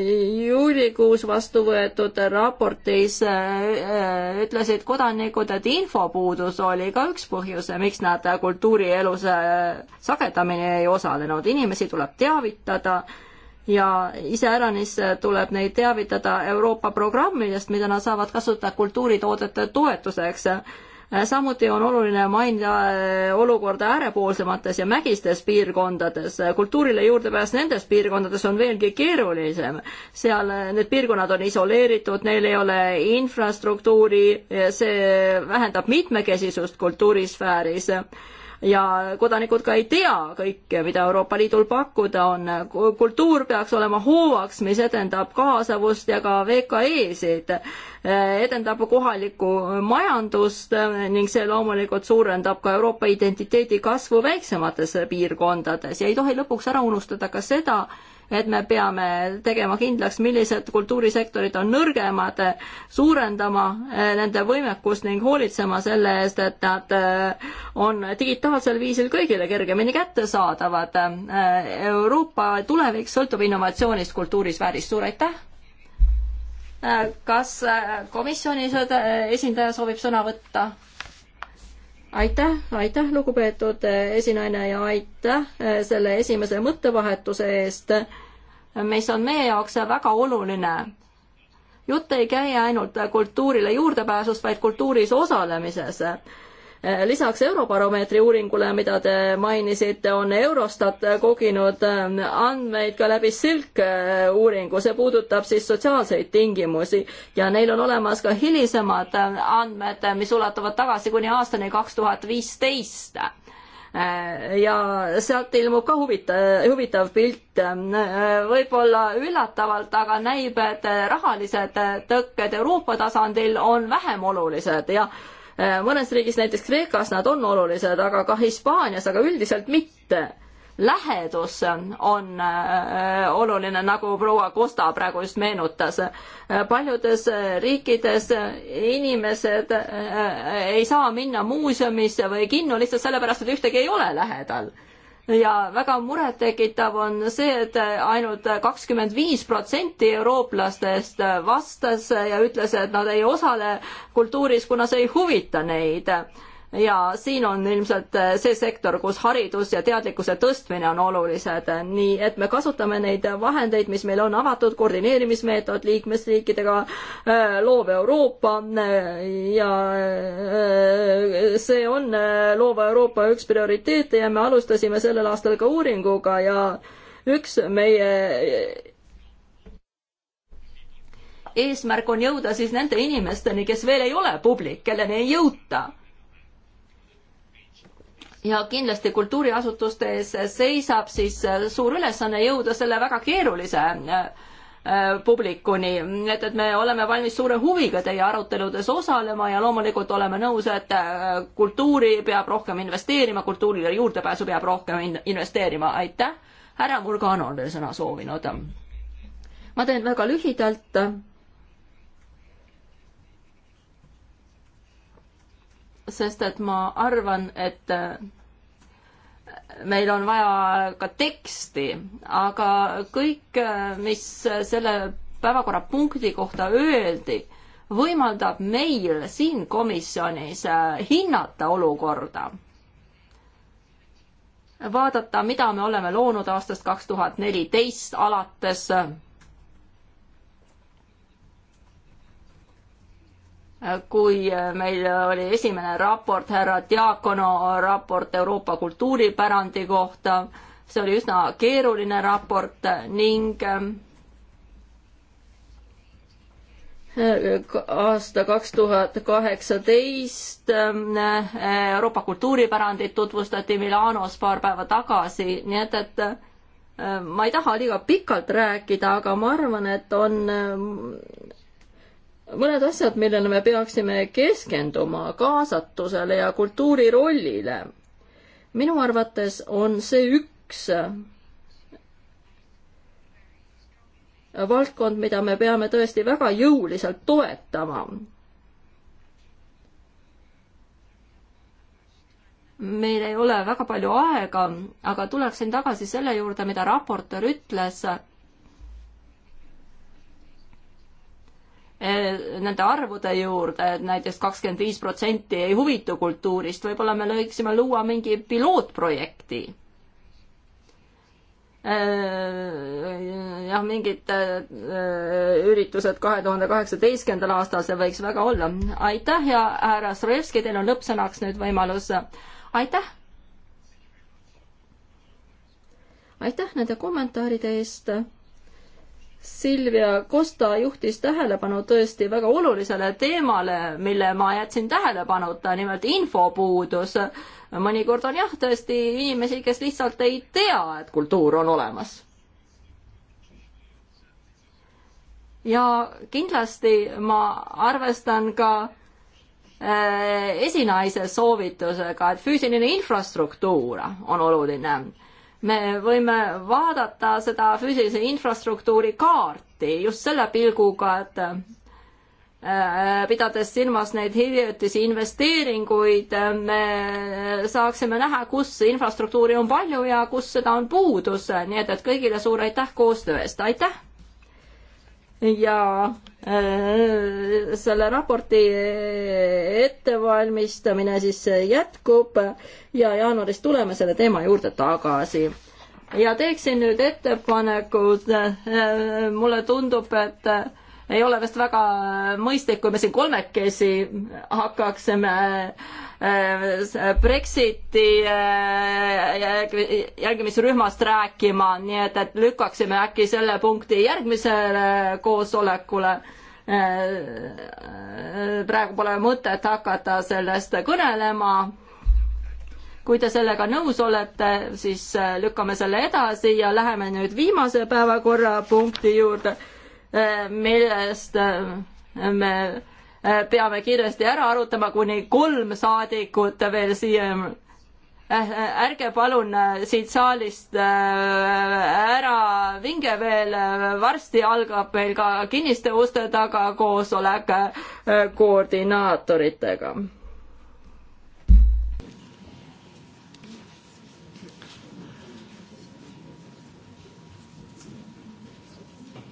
juulikuus vastu võetud raportis äh, ütlesid kodanikud, et infopuudus oli ka üks põhjus, miks nad kultuurielus sagedamini ei osalenud. inimesi tuleb teavitada ja iseäranis tuleb neid teavitada Euroopa programmidest, mida nad saavad kasutada kultuuritoodete toetuseks. samuti on oluline mainida äh, olukorda äärepoolsemates ja mägistes piirkondades. kultuurile juurdepääs nendes piirkondades on veelgi keerulisem. seal äh, need piirkonnad on isoleeritud, neil ei ole infrastruktuuri, see vähendab mitmekesisust kultuurisfääris ja kodanikud ka ei tea kõike, mida Euroopa Liidul pakkuda on. kultuur peaks olema hoovaks, mis edendab kaasavust ja ka VKE-sid, edendab kohalikku majandust ning see loomulikult suurendab ka Euroopa identiteedi kasvu väiksemates piirkondades ja ei tohi lõpuks ära unustada ka seda, et me peame tegema kindlaks, millised kultuurisektorid on nõrgemad, suurendama eh, nende võimekust ning hoolitsema selle eest, et nad eh, on digitaalsel viisil kõigile kergemini kättesaadavad. Eh, Euroopa tulevik sõltub innovatsioonist kultuurisfääris, suur aitäh! kas komisjoni esindaja soovib sõna võtta? aitäh, aitäh, lugupeetud äh, esinaine ja aitäh äh, selle esimese mõttevahetuse eest, mis on meie jaoks väga oluline. jutt ei käi ainult kultuurile juurdepääsust, vaid kultuuris osalemisest Eh, lisaks Eurobaromeetri uuringule, mida te mainisite, on Eurostat eh, koginud eh, andmeid ka läbi Silk uuringu, see puudutab siis sotsiaalseid tingimusi ja neil on olemas ka hilisemad andmed, mis ulatuvad tagasi kuni aastani kaks tuhat viisteist ja sealt ilmub ka huvitav, huvitav pilt, võib-olla üllatavalt, aga näib, et rahalised tõkked Euroopa tasandil on vähem olulised ja Äh, mõnes riigis, näiteks Kreekas nad on olulised, aga ka Hispaanias, aga üldiselt mitte. lähedus on äh, oluline, nagu proua Kosta praegu just meenutas. Äh, paljudes riikides inimesed ei saa minna muuseumisse või kinno lihtsalt sellepärast, et ühtegi ei ole lähedal ja väga murettekitav on see, et ainult kakskümmend viis protsenti eurooplastest vastas ja ütles, et nad ei osale kultuuris, kuna see ei huvita neid ja siin on ilmselt eh, see sektor, kus haridus ja teadlikkuse tõstmine on olulised, nii et me kasutame neid vahendeid, mis meil on avatud, koordineerimismeetod liikmesriikidega, eh, loov Euroopa eh, ja see on loova Euroopa üks prioriteete ja me alustasime sellel aastal ka uuringuga ja üks meie eesmärk on jõuda siis nende inimesteni, kes veel ei ole publik, kelleni ei jõuta ja kindlasti kultuuriasutuste ees seisab siis suur ülesanne jõuda selle väga keerulise äh, äh, publikuni, et, et me oleme valmis suure huviga teie aruteludes osalema ja loomulikult oleme nõus, et äh, kultuuri peab rohkem investeerima, kultuurile juurdepääsu peab rohkem investeerima, aitäh. härra Murgano on veel sõna soovinud. ma teen väga lühidalt sest et ma arvan, et äh, meil on vaja ka teksti, aga kõik, äh, mis selle päevakorrapunkti kohta öeldi, võimaldab meil siin komisjonis äh, hinnata olukorda. vaadata, mida me oleme loonud aastast kaks tuhat neliteist alates kui meil oli esimene raport, härra Diakono raport Euroopa kultuuripärandi kohta, see oli üsna keeruline raport ning ähm, aasta kaks tuhat kaheksateist ähm, Euroopa kultuuripärandit tutvustati Milanos paar päeva tagasi, nii et, et äh, ma ei taha liiga pikalt rääkida, aga ma arvan, et on mõned asjad, millele me peaksime keskenduma, kaasatusele ja kultuuri rollile. minu arvates on see üks valdkond, mida me peame tõesti väga jõuliselt toetama. meil ei ole väga palju aega, aga tuleksin tagasi selle juurde, mida raportöör ütles Eh, nende arvude juurde, et näiteks kakskümmend viis protsenti ei huvitu kultuurist, võib-olla me võiksime luua mingi pilootprojekti. Eh, jah, mingid eh, üritused kahe tuhande kaheksateistkümnendal aastal, see võiks väga olla. aitäh ja härra Strojevski, teil on lõppsõnaks nüüd võimalus. aitäh! aitäh nende kommentaaride eest Silvia Costa juhtis tähelepanu tõesti väga olulisele teemale, mille ma jätsin tähelepanuta, nimelt infopuudus. mõnikord on jah, tõesti inimesi, kes lihtsalt ei tea, et kultuur on olemas. ja kindlasti ma arvestan ka äh, esinaise soovitusega, et füüsiline infrastruktuur on oluline me võime vaadata seda füüsilise infrastruktuuri kaarti just selle pilguga, et äh, pidades silmas neid hiljutisi investeeringuid, me saaksime näha, kus infrastruktuuri on palju ja kus seda on puudus, nii et, et kõigile suur aitäh koostöö eest, aitäh! ja äh, selle raporti ettevalmistamine siis jätkub ja jaanuaris tuleme selle teema juurde tagasi. ja teeksin nüüd ettepanekud, äh, mulle tundub, et ei ole vist väga mõistlik, kui me siin kolmekesi hakkaksime Äh, Brexiti äh, järgimisrühmast rääkima, nii et, et lükkaksime äkki selle punkti järgmisele koosolekule. Äh, praegu pole mõtet hakata sellest kõnelema kui te sellega nõus olete, siis lükkame selle edasi ja läheme nüüd viimase päevakorrapunkti juurde, millest me Äh, peame kiiresti ära arutama, kuni kolm saadikut veel siia äh, äh, ärge palun siit saalist ära vinge veel, varsti algab meil ka kinniste uste taga koosolek koordinaatoritega.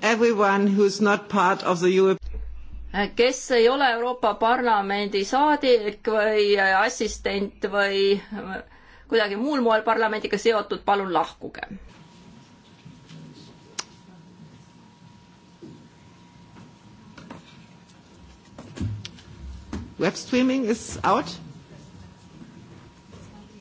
Everyone who is not part of the Europe kes ei ole Euroopa Parlamendi saadik või assistent või kuidagi muul moel parlamendiga seotud, palun lahkuge. Web streaming is out